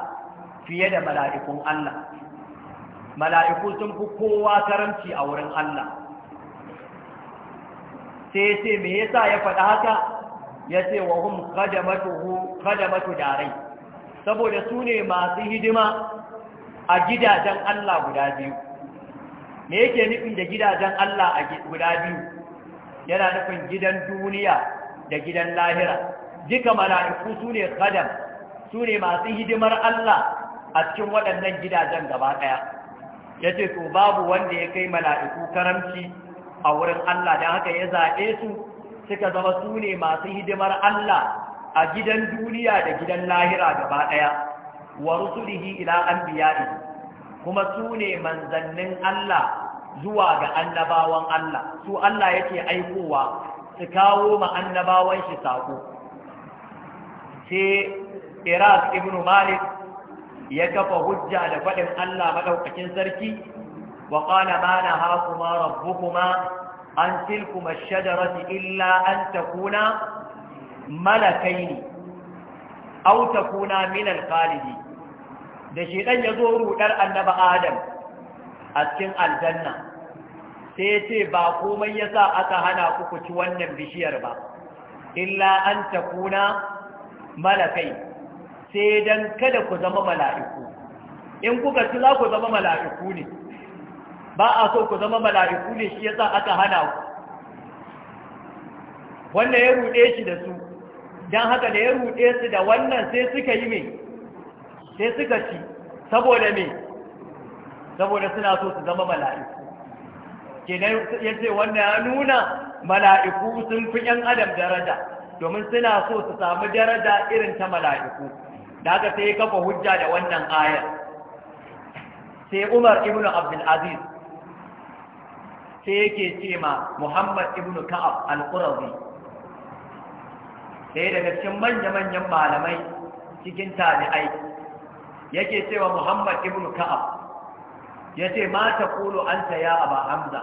A: fiye da mala'ikun Allah mala'iku sun fi kowa karamci a wurin Allah sai ya ce me yasa ya faɗa haka ya ce wa hum khadamatu darai saboda su ne masu hidima a gidajen Allah guda biyu me yake nufin da gidajen Allah a guda biyu yana nufin gidan duniya da gidan lahira duka mala'iku su ne khadam su ne masu hidimar Allah a cikin waɗannan gidajen gaba ɗaya ya ce to babu wanda ya kai mala'iku karamci a wurin Allah don haka ya zaɓe su suka zama su ne masu hidimar Allah a gidan duniya da gidan lahira gaba ɗaya wa rusulihi ila anbiya'i kuma su ne manzannin Allah zuwa ga annabawan Allah su Allah yake aikowa su kawo ma annabawan shi sako sai Iraq ibn Malik ya kafa hujja da faɗin Allah maɗaukakin sarki وقال ما نهاكما ربكما عن تلكما الشجرة إلا أن تكونا ملكين أو تكونا من الخالدين da shi ɗan ya zo rudar annaba adam a cikin aljanna sai ce ba komai ya sa aka hana ku ci wannan bishiyar ba illa an ta kuna malakai sai don kada ku zama mala'iku in kuka ci za ku zama mala'iku ne ba a so ku zama mala'iku ne shi yasa aka hana ku wannan ya rude shi da su don haka da ya rude su da wannan sai suka yi me sai suka ci saboda me saboda suna so su zama mala'iku kenan ya ce wannan ya nuna mala'iku sun fi ‘yan adam daraja domin suna so su samu daraja irin ta mala'iku da haka sai kafa hujja da wannan aya, sai umar ibn abdulaziz sai yake ce ma Muhammad ibn Ka'ab al-Qurazi sai daga cikin manya-manyan malamai cikin tabi'ai yake wa Muhammad ibn Ka'ab yace ma an ta ya Aba Hamza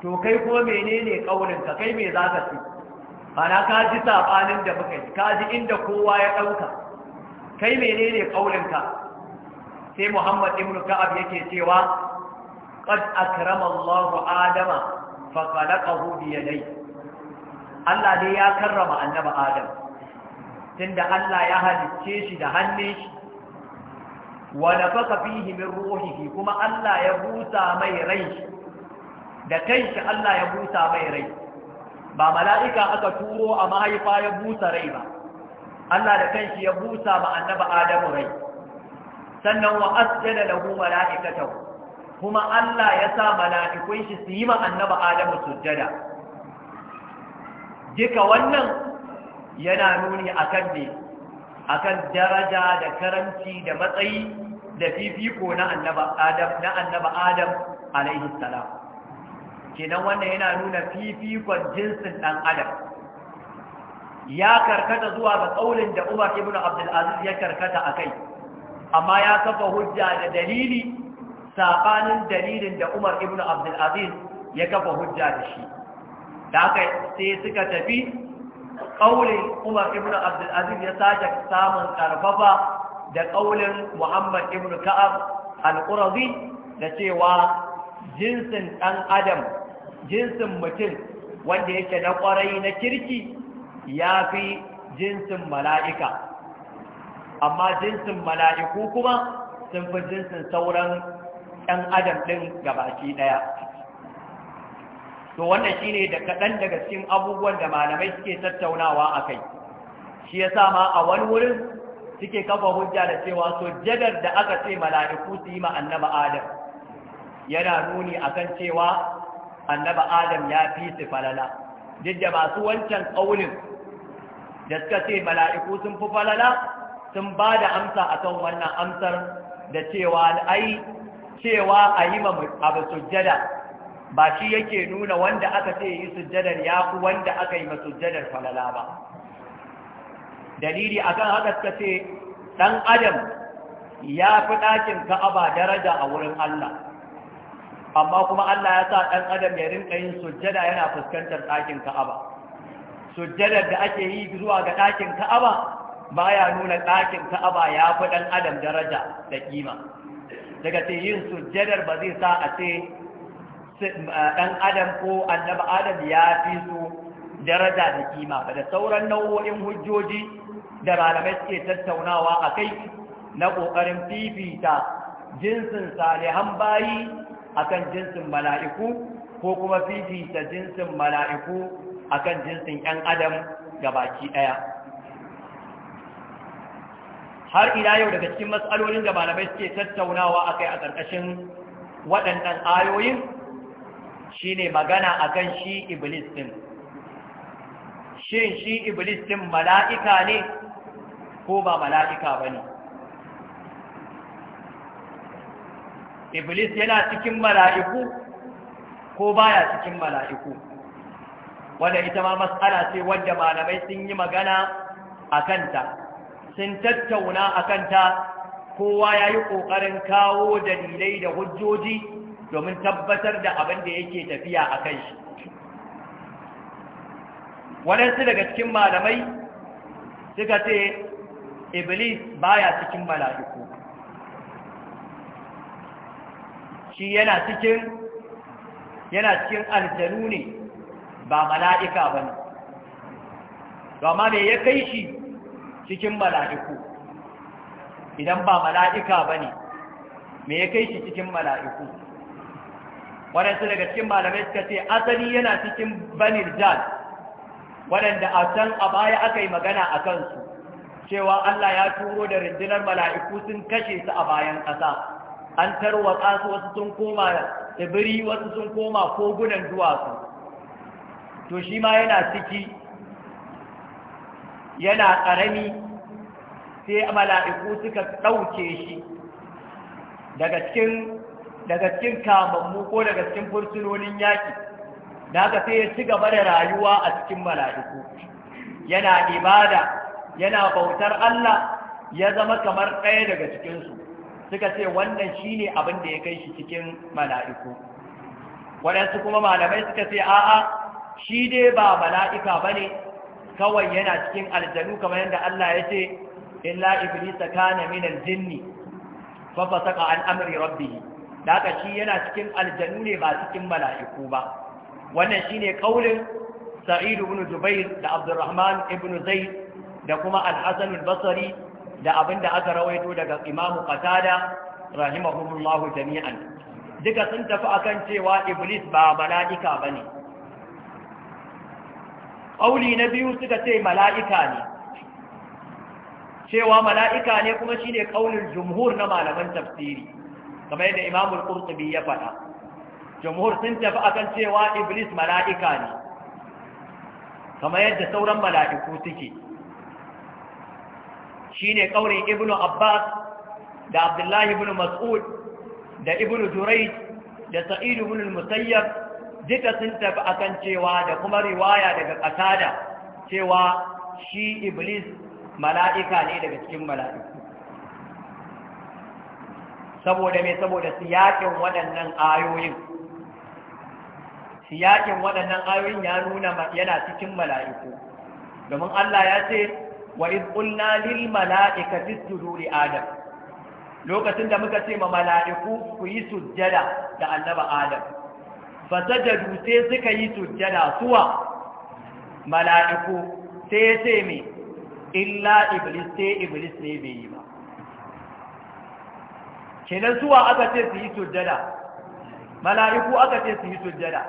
A: to kai ko menene kaulin ka kai me zaka ci bana ka ji sabanin da muka ji ka ji inda kowa ya dauka kai menene kaulin ka sai Muhammad ibn Ka'ab yake cewa qad akrama Allahu Adama fa khalaqahu bi yadayhi Allah dai ya karrama annabi Adam tunda Allah ya halicce shi da hannun shi wa nafaka fihi kuma Allah ya busa mai rai da kanshi Allah ya busa mai rai ba mala'ika aka turo a mahaifa ya busa rai ba Allah da kanshi ya busa ma annabi Adamu rai sannan wa asjada lahu mala'ikatahu kuma Allah ya sa mala'ikun shi su yi ma annaba Adamu sujjada duka wannan yana nuni akan ne akan daraja da karanci da matsayi da fifiko na annaba Adam na kenan wannan yana nuna fifikon jinsin ɗan Adam ya karkata zuwa ga tsaunin da Umar ibn Abdul Aziz ya karkata akai amma ya kafa hujja da dalili sabanin dalilin da Umar ibn Abdul ya kafa hujja da shi da haka sai suka tafi ƙaunin Umar ibn Abdul ya sake samun karfafa da ƙaunin Muhammad ibn Ka'ab al-Qurazi da cewa jinsin ɗan adam jinsin mutum wanda yake na ƙwarai na kirki ya fi jinsin mala'ika amma jinsin mala'iku kuma sun fi jinsin sauran ɗan adam ɗin gabaki ɗaya to wannan shine da kaɗan daga cikin abubuwan da malamai suke tattaunawa a kai shi ya sa ma a wani wurin suke kafa hujja da cewa jadar da aka ce mala'iku su yi ma annaba adam yana nuni akan cewa annaba adam ya fi su falala duk masu wancan ƙaunin da suka ce mala'iku sun fi falala sun ba da amsa akan wannan amsar da cewa ai cewa a yi abu sujjada ba shi yake nuna wanda aka ce yi sujjadar ya ku wanda aka yi masujjadar falala ba dalili akan haka suka ce ɗan adam ya fi ɗakin ka'aba daraja a wurin Allah amma kuma Allah ya sa ɗan adam ya rinka yin sujjada yana fuskantar ɗakin Ka'aba sujjadar da ake yi zuwa ga ɗakin Ka'aba baya nuna ɗakin Ka'aba ya fi ɗan adam daraja da ƙima. daga ce yin sujjadar ba zai sa a ce ɗan adam ko annaba adam ya fi su daraja da kima ba da sauran nau'o'in hujjoji da malamai suke tattaunawa a kai na ƙoƙarin fifita jinsin salihan bayi a kan jinsin mala'iku ko kuma fifita jinsin mala'iku a kan jinsin ‘yan adam ga baki ɗaya har ila yau daga cikin matsalolin da malamai suke tattaunawa akai a ƙarƙashin waɗannan ayoyin shine magana akan shi iblis din shin shi iblis din mala'ika ne ko ba mala'ika bane iblis yana cikin mala'iku ko baya cikin mala'iku wanda ita ma matsala ce wadda malamai sun yi magana a kanta sun tattauna a kanta kowa ya yi ƙoƙarin kawo dalilai da hujjoji domin tabbatar da abin da yake tafiya a kan shi waɗansu daga cikin malamai suka ce iblis baya cikin mala'iku shi yana cikin yana cikin aljanu ne ba mala'ika ba ne ba ma ya kai shi cikin mala'iku idan ba mala'ika ba ne me ya kai shi cikin mala'iku waɗansu daga cikin malamai suka ce asali yana cikin banir jad waɗanda a can a baya aka yi magana a kansu cewa Allah ya turo da rindunar mala'iku sun kashe su a bayan ƙasa an tarwa ƙasa wasu sun koma tsibiri wasu sun koma kogunan duwatsu to shi ma yana ciki yana ƙarami sai mala'iku suka ɗauke shi daga cikin daga cikin kamammu ko daga cikin fursunonin yaƙi da aka sai ya ci gaba da rayuwa a cikin mala'iku yana ibada yana bautar Allah ya zama kamar ɗaya daga cikinsu suka ce wannan shine abin da ya kai shi cikin mala'iku waɗansu kuma malamai suka ce a'a shi dai ba mala'ika ba ne kawai yana cikin aljanu kamar yadda Allah ya ce illa iblisa kana min aljinni fa fasaqa an amri rabbih da haka shi yana cikin aljanu ne ba cikin mala'iku ba wannan shine kaulin sa'id ibn jubair da abdurrahman ibn zaid da kuma al-hasan al-basri da abinda aka rawaito daga imamu qatada rahimahumullahu jami'an duka sun tafi akan cewa iblis ba mala'ika bane kauli na biyu suka ce mala'ika ne cewa mala'ika ne kuma ne ƙaunin jumhur na malaman tafsiri kamar yadda Imam al-Qurtubi ya faɗa jumhur sun tafi akan cewa iblis mala'ika ne kamar yadda sauran mala'iku suke ne ƙaurin Ibn Abbas da Abdullahi ibn Mas'ud da Ibn Jurayj da Sa'id ibn Musayyar musayyab duka sun tafi akan cewa da kuma riwaya daga ƙasada cewa shi iblis mala'ika ne daga cikin mala'iku saboda mai saboda siyakin waɗannan ayoyin siyakin waɗannan ayoyin ya nuna yana cikin mala'iku domin Allah ya ce wa izƙunna lil mala'ika tisjudu adam lokacin da muka ce ma mala'iku ku yi sujjada da annaba adam jadu sai suka yi sujjada suwa mala'iku sai sai ce mai illa iblis sai iblis ne bai yi ba kenan zuwa aka ce su yi sujjada mala'iku aka ce su yi sujjada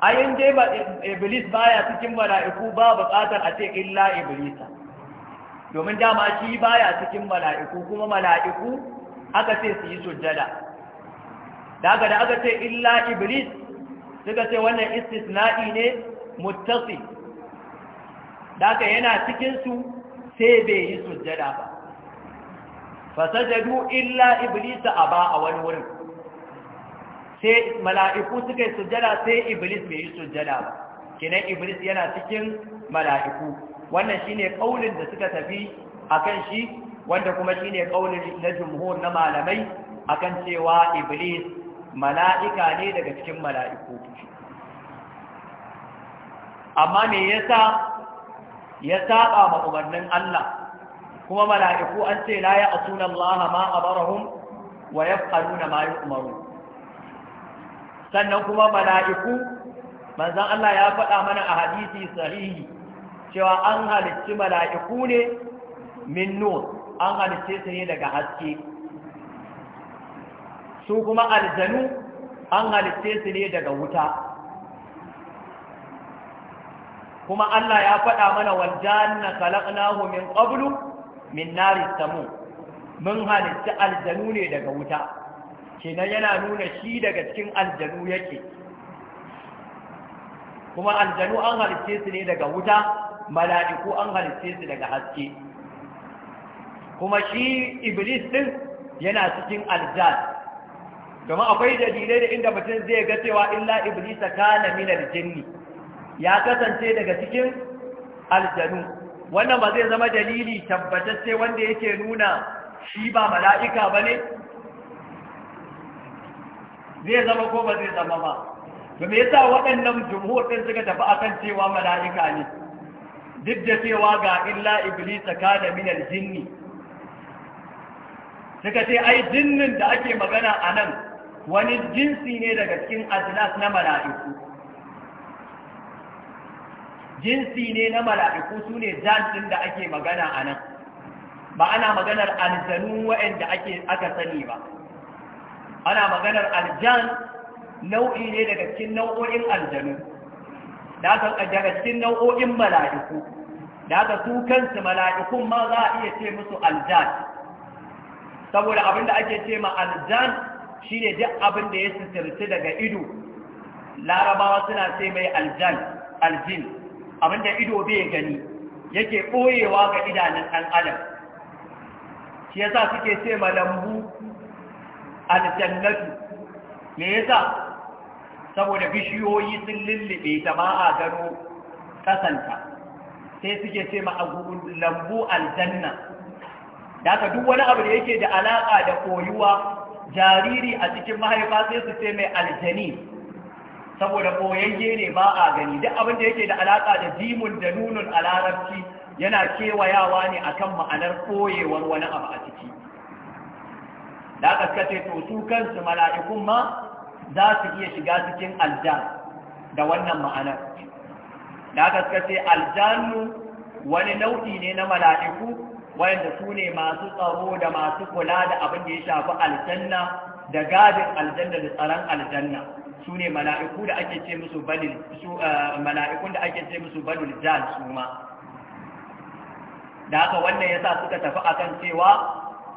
A: a yin dai iblis baya cikin mala'iku ba buƙatar a ce illa iblisa domin dama shi baya cikin mala'iku kuma mala'iku aka ce su yi sujjada da aka da aka ce illa iblis suka ce wannan istisna'i ne muttasi daga yana cikinsu sai bai yi sujjada ba jadu illa iblisa a ba a wani wurin sai mala'iku suka yi sujjada sai iblis bai yi sujjada ba kinan iblis yana cikin mala'iku wannan shine kaulin da suka tafi akan shi wanda kuma shine kaulin na jumhur na malamai akan cewa iblis mala'ika ne daga cikin mala'iku amma me yasa ya saba ma umarnin Allah kuma mala'iku an ce la ya'suna Allah ma abarahum wa yaf'aluna mayu umaru. sannan kuma mala'iku manzon Allah ya faɗa mana a hadisi sahihi cewa an halicci mala'iku ne min nur an halicce su ne daga haske su kuma aljanu an halicce su ne daga wuta kuma Allah ya faɗa mana wal janna khalaqnahu min qablu min nari samu mun halitta aljanu ne daga wuta kenan yana nuna shi daga cikin aljanu yake kuma aljanu an halitta su ne daga wuta mala'iku an halitta su daga haske kuma shi iblis din yana cikin aljan domin akwai dalilai da inda mutum zai ga cewa illa ta kana minar aljinni ya kasance daga cikin aljanu wannan ba zai zama dalili tabbatacce wanda yake nuna shi ba mala'ika ba ne zai zama ko ba zai zama ba me yasa waɗannan jumhurin suka tafi akan cewa mala'ika ne duk da cewa ga illa tsaka da min aljinni suka ce ai jinnin da ake magana a nan wani jinsi ne daga cikin ajnas na mala'iku jinsi ne na mala'iku su ne jan ɗin da ake magana a nan ba ana maganar aljanu waɗanda ake aka sani ba ana maganar aljan nau'i ne daga cikin nau'o'in aljanu daga cikin nau'o'in mala'iku daga su kansu mala'ikun ma za a iya ce musu aljan saboda abin da ake ce ma aljan shine duk abin da ya suturci daga ido larabawa suna ce mai aljan aljin abinda ido bai gani yake ɓoyewa ga idanun ɗan adam shi yasa suke ce malambu lambu aljannatu me yasa saboda bishiyoyi sun lullube ta ba a gano kasanta sai suke ce ma lambu aljanna da ka duk wani abu da yake da alaƙa da koyuwa jariri a cikin mahaifa sai su ce mai aljani saboda koyayye ne ba a gani duk abin da yake da alaka da jimun da nunun a larabci yana kewayawa ne akan ma'anar koyewar wani abu a ciki da aka kace to su kansu mala'ikun ma za su iya shiga cikin aljan da wannan ma'anar da aka kace aljannu wani nau'i ne na mala'iku wanda su ne masu tsaro da masu kula da abin da ya shafi aljanna da gadin aljanna da tsaron aljanna su ne mala'iku da ake ce musu balil su eh, mala'ikun da ake ce musu balil jal su ma da haka wannan yasa suka tafi akan cewa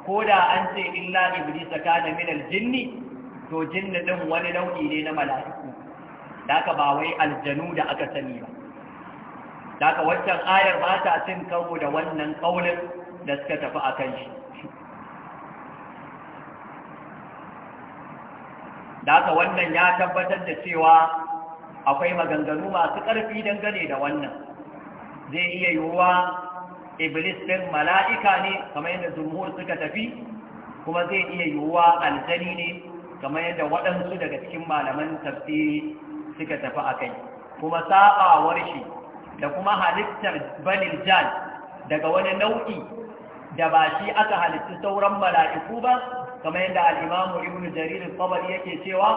A: ko da an ce illa iblisa kana min jinni, to jinni ɗin wani nau'i ne na mala'iku da haka ba wai aljanu da aka sani ba da haka waccan ayar ba ta cin karo da wannan kaulin da suka tafi akan shi da aka wannan ya tabbatar da cewa akwai maganganu masu ƙarfi dangane da wannan zai iya yiwuwa iblis ɗin mala'ika ne kamar yadda jumhur suka tafi kuma zai iya yiwuwa aljani ne kamar yadda waɗansu daga cikin malaman tafsiri suka tafi a kai kuma saɓawar shi da kuma halittar banil jan daga wani nau'i da ba shi aka halittu sauran mala'iku ba kamar yadda al'imamu ibn jaririn kwabar yake cewa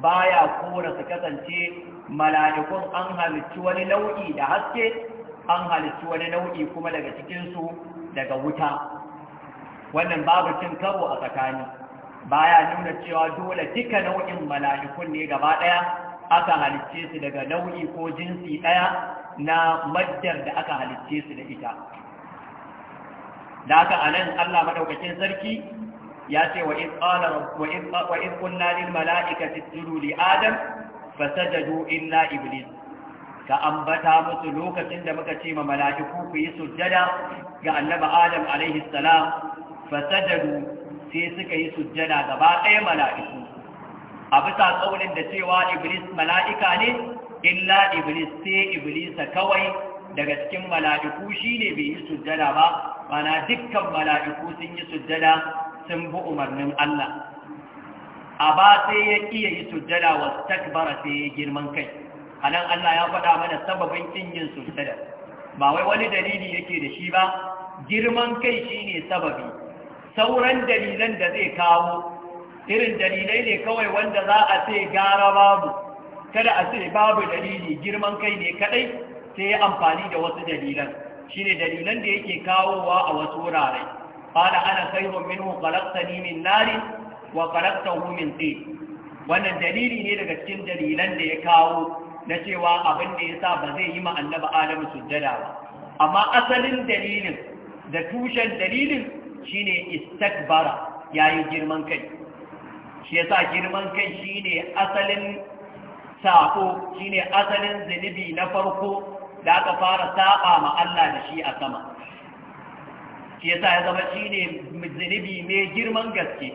A: ba ya kora su kasance malalikun an halicci wani nau'i da haske an halicci wani nau'i kuma daga cikinsu daga wuta wannan babu cin karo a tsakani baya nuna cewa dole duka nau'in malalikun ne gaba ɗaya aka halicce su daga nau'i ko jinsi ɗaya na majjar da aka halicce su da ita da a nan Allah maɗaukakin sarki ya ce wa iz wa iz lil mala'ikati isjudu li adam fasajadu illa iblis ka ambata musu lokacin da muka ce ma mala'iku ku yi sujjada ga annabi adam alaihi salam fasajadu sai suka yi sujjada gaba ɗaya mala'iku a bisa kaulin da cewa iblis mala'ika ne illa iblis sai iblisa kawai daga cikin mala'iku shine bai yi sujjada ba mana dukkan mala'iku sun yi sujjada sun bi umarnin Allah a ba sai ya iya yi sujjada wa takbara sai ya girman kai a Allah ya faɗa mana sababin kin yin sujjada ba wai wani dalili yake da shi ba girman kai shine sababi sauran dalilan da zai kawo irin dalilai ne kawai wanda za a ce gara babu kada a ce babu dalili girman kai ne kadai sai amfani da wasu dalilan shine dalilan da yake kawowa a wasu wurare qala ana khairun minhu khalaqtani min nar wa khalaqtahu min tin wannan dalili ne daga cikin dalilan da ya kawo na cewa abin da yasa ba zai yi ma annabi adamu sujjada ba amma asalin dalilin da tushen dalilin shine istakbara yayi girman kai shi yasa girman kai shine asalin sako shine asalin zunubi na farko da aka fara saba ma Allah da shi a sama ke yasa ya zama shine zunubi mai girman gaske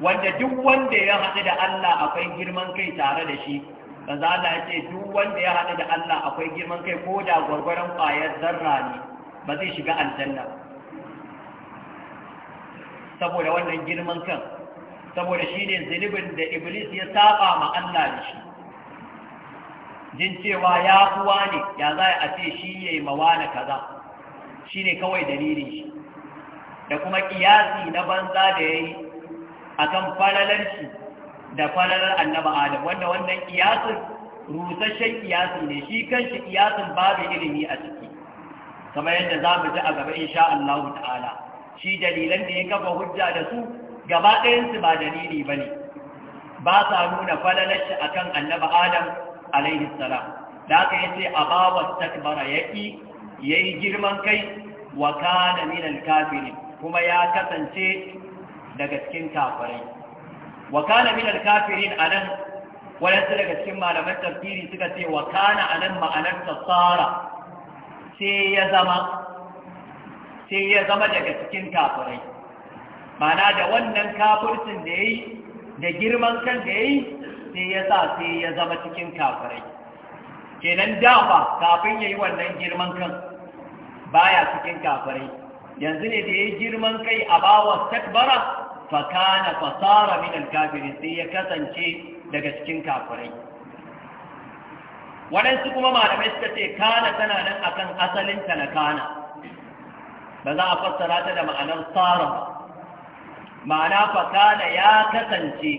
A: wanda duk wanda ya haɗu da Allah akwai girman kai tare da shi ba Allah ya ce duk wanda ya haɗu da Allah akwai girman kai ko da gwargwaron ƙwayar zarra ne ba zai shiga aljanna saboda wannan girman kan saboda shi ne zunubin da Iblis ya saba ma Allah da shi jin cewa ya kuwa ne ya za a ce shi mawa mawana kaza shine kawai dalilin shi da kuma kiyasi na banza da yayi a kan falalarci da falalar annaba adam wanda wannan kiyasin rusasshen kiyasi ne shi kanshi kiyasin babu ilimi a ciki kamar yadda za mu ji a gaba insha Allah ta'ala shi dalilan da ya kafa hujja da su gaba ɗayansu ba dalili ba ne ba sa nuna falalarci a akan annaba adam alaihi salam da aka yi sai a takbara ya yayi yi girman kai wa kana minal kafirin kuma ya kasance daga cikin kafirai wa kana min al-kafirin anan wadansu daga cikin malaman tafsiri suka ce wa kana anan ma'anar tsara sai ya zama sai ya zama daga cikin kafirai mana da wannan kafircin da yayi da girman kan da yayi sai ya sa sai ya zama cikin kafirai kenan dafa kafin yayi wannan girman kan baya cikin kafirai yanzu ne da ya girman kai a bawa takbara fakana fasara min alkafiri sai ya kasance daga cikin kafirai waɗansu kuma malamai suka ce kana tana nan akan asalin ta na kana ba za a fassara ta da ma'anar tsara ma'ana fakana ya kasance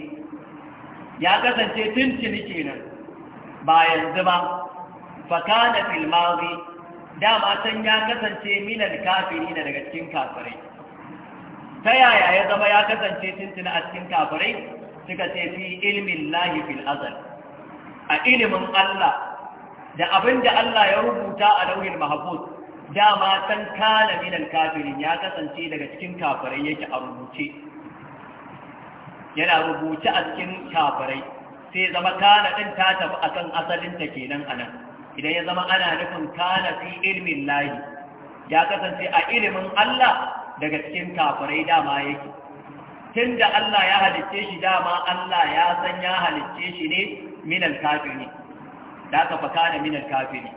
A: ya kasance tuntuni ba yanzu ba fakana filmazi dama san ya kasance minal kafiri na daga cikin kafirai ta yaya ya zama ya kasance tuntuna a cikin kafirai suka ce fi ilmin lahi fil azal a ilimin Allah da abin da Allah ya rubuta a lauhin mahafuz dama san kana minal kafirin ya kasance daga cikin kafirai yake a rubuce yana rubuce a cikin kafirai sai zama kana din ta tafi akan asalin asalinta kenan anan idan ya zama ana nufin kana fi ilmin lahi ya kasance a ilimin Allah daga cikin kafirai dama yake tun da Allah ya halicce shi dama Allah ya san ya halicce shi ne minal kafiri da aka fakana minal kafiri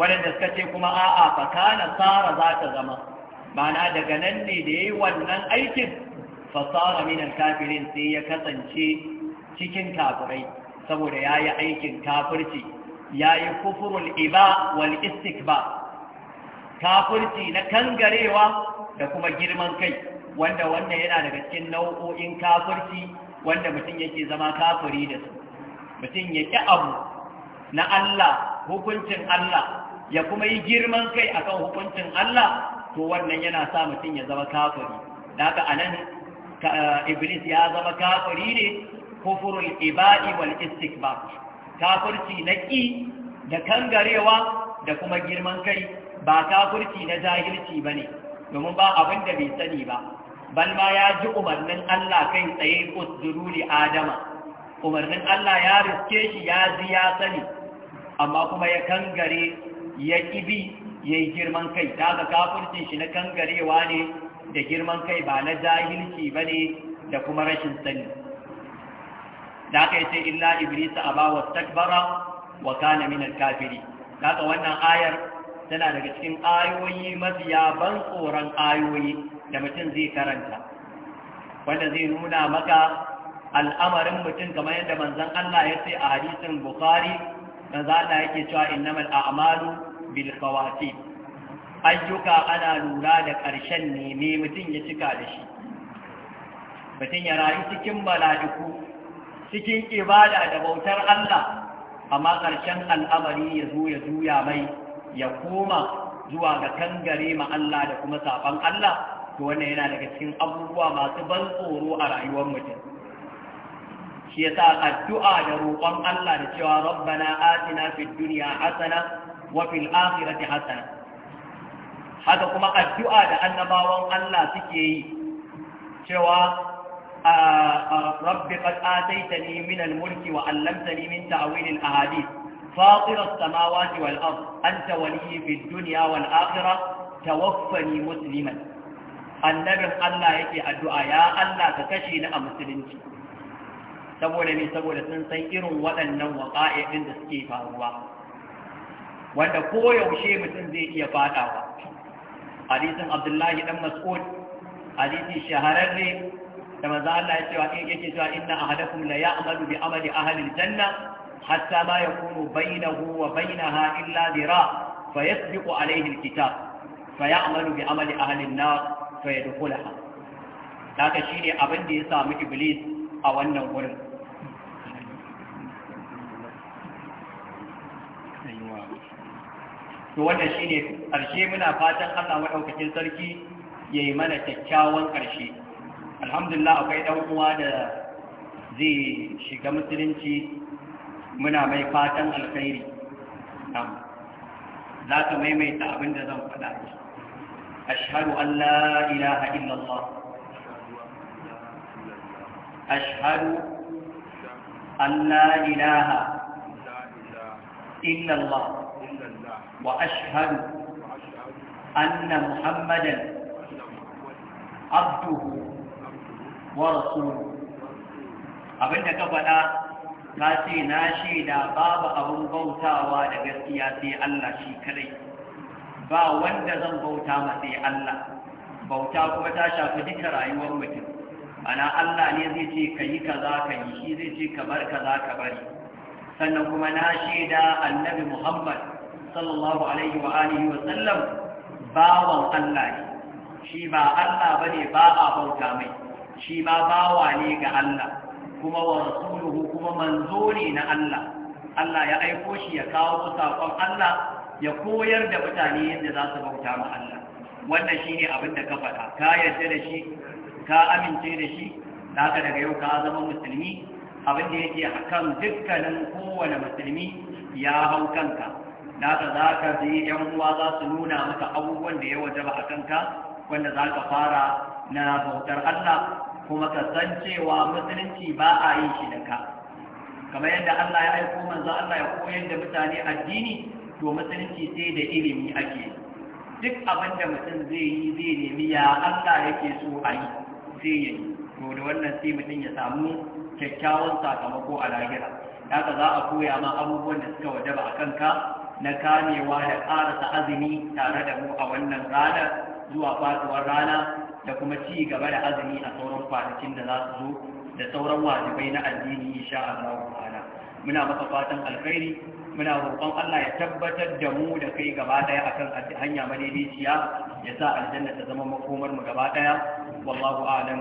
A: waɗanda suka ce kuma a'a fakana tsara za ta zama mana daga nan ne da ya yi wannan aikin fasara minal kafirin sai ya kasance cikin kafirai saboda ya yi aikin kafirci ya yi kufurul iba wal istikba kafirci na kangarewa da kuma girman kai wanda wannan yana daga cikin nau'o'in kafirci wanda mutum yake zama kafiri da su mutum ya ƙi abu na Allah hukuncin Allah ya kuma yi girman kai akan hukuncin Allah to wannan yana sa mutum ya zama kafuri. da anan iblis ya zama kafuri ne kufurul iba'i wal istikba kafirci na ƙi da kangarewa da kuma girman kai ba kafirci na jahilci ba ne domin ba abin da bai sani ba Balma ya ji umarnin Allah kai tsaye usduru adama umarnin Allah ya riske shi ya ji ya sani amma kuma ya kangare ya bi, ya yi girman kai ga kafircin shi na kangarewa ne da girman kai ba na jahilci ba ne da kuma rashin sani da aka yace illa iblis a wastakbara wa kana min al-kafiri kaga wannan ayar tana daga cikin ayoyi mafiya ban tsoron ayoyi da mutum zai karanta wanda zai nuna maka al'amarin mutum kamar yadda manzan Allah ya ce a hadisin Bukhari manzon Allah yake cewa innamal a'malu bil khawatim ayyuka ana lura da ƙarshen ne me mutum ya cika da shi mutum ya rayu cikin mala'iku cikin ibada da bautar Allah amma ƙarshen al'amari ya zo ya juya mai ya koma zuwa ga kangare ma Allah da kuma saban Allah to wannan yana daga cikin abubuwa masu ban tsoro a rayuwar mutum shi yasa addu'a da roƙon Allah da cewa rabbana atina fid dunya hasana wa fil akhirati hasana haka kuma addu'a da annabawan Allah suke yi cewa رب قد آتيتني من الملك وعلمتني من تأويل الأحاديث فاطر السماوات والأرض أنت ولي في الدنيا والآخرة توفني مسلما النبي الله يكي الدعاء يا الله تكشي لأ مسلمتي saboda ne saboda sun san irin waɗannan waƙa'i ɗin da suke faruwa wanda koyaushe mutum zai iya faɗawa hadisin abdullahi dan mas'ud hadisi shahararre da za Allah ya cewa in yake cewa inna ahadakum la ya'malu bi amali ahli aljanna hatta ma yakunu bainahu wa bainaha illa dira fayasbiqu alayhi alkitab fayamalu bi amali ahli an-nar fayadkhulaha haka shine abin da ya samu iblis a wannan wurin to wannan shine karshe muna fatan Allah madaukakin sarki yayi mana kyakkyawan karshe alhamdulillah akwai ɗan uwa da zai shiga musulunci muna mai fatan alkhairi za ka maimaita abin da zan faɗa ashhadu an la ilaha illallah ashhadu an la ilaha illallah wa ashhadu anna muhammadan abduhu wa rasulu abinda ka faɗa ka ce na shaida babu abin bautawa da gaskiya sai Allah shi kadai ba wanda zan bauta ma sai Allah bauta kuma ta shafi duka rayuwar mutum ana Allah ne zai ce ka yi kaza ka yi shi zai ce ka bar kaza ka bari sannan kuma na shaida annabi Muhammad sallallahu alaihi wa alihi wa sallam bawan Allah ne shi ba Allah bane ba a bauta mai shi ma bawa ne ga Allah kuma wa rasuluhu kuma manzo ne na Allah Allah ya aiko shi ya kawo sakon Allah ya koyar da mutane yadda za su bauta ma Allah wannan shine abin da ka faɗa ka yarda da shi ka amince da shi haka daga yau ka zama musulmi abin da yake akan dukkanin kowane musulmi ya hau kanka zaka za ka je yan uwa za su nuna maka abubuwan da ya wajaba a kanka wanda za ka fara na bautar Allah kuma ka san cewa musulunci ba a yi shi da ka kamar yadda Allah ya aiko manzo Allah ya koyar da mutane addini to musulunci sai da ilimi ake duk abin da mutum zai yi zai nemi ya Allah yake so a yi sai ya yi to da wannan sai mutum ya samu kyakkyawan sakamako a lahira haka za a koya ma abubuwan da suka wajaba a kanka na kamewa da ƙarasa azumi tare da mu a wannan ranar zuwa faduwar rana da kuma ci gaba da azumi a sauran kwanakin da za su zo da sauran wajibai na addini insha Allah ta'ala muna maka fatan alkhairi muna roƙon Allah ya tabbatar da mu da kai gaba daya akan hanya madaidaiciya ya sa aljanna ta zama makomar mu gaba daya wallahu a'lam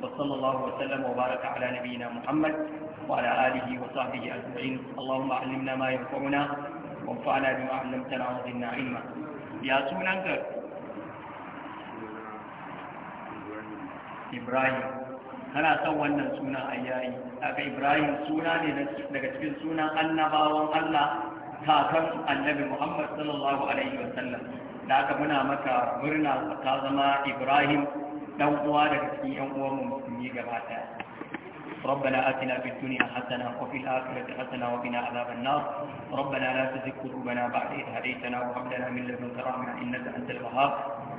A: wa sallallahu wa sallama wa baraka ala nabiyyina Muhammad wa ala alihi wa sahbihi ajma'in Allahumma allimna ma yanfa'una wanfa'na bima 'allamtana wa zidna ilma ya sunanka ibrahim kana son wannan suna ayyayi daga ibrahim suna ne daga cikin sunan annabawan allah kakan annabi muhammad sallallahu alaihi wa Sallam. da aka muna maka murna ta zama ibrahim dan uwa daga cikin yan uwan musulmi gaba daya ربنا آتنا في الدنيا حسنة وفي الآخرة حسنة وقنا عذاب النار ربنا لا تزغ قلوبنا بعد إذ هديتنا وهب لنا من لدنك رحمة إنك أنت الوهاب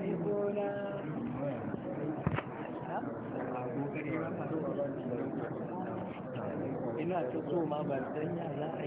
A: gona ina ta so ma ban sanya za a yi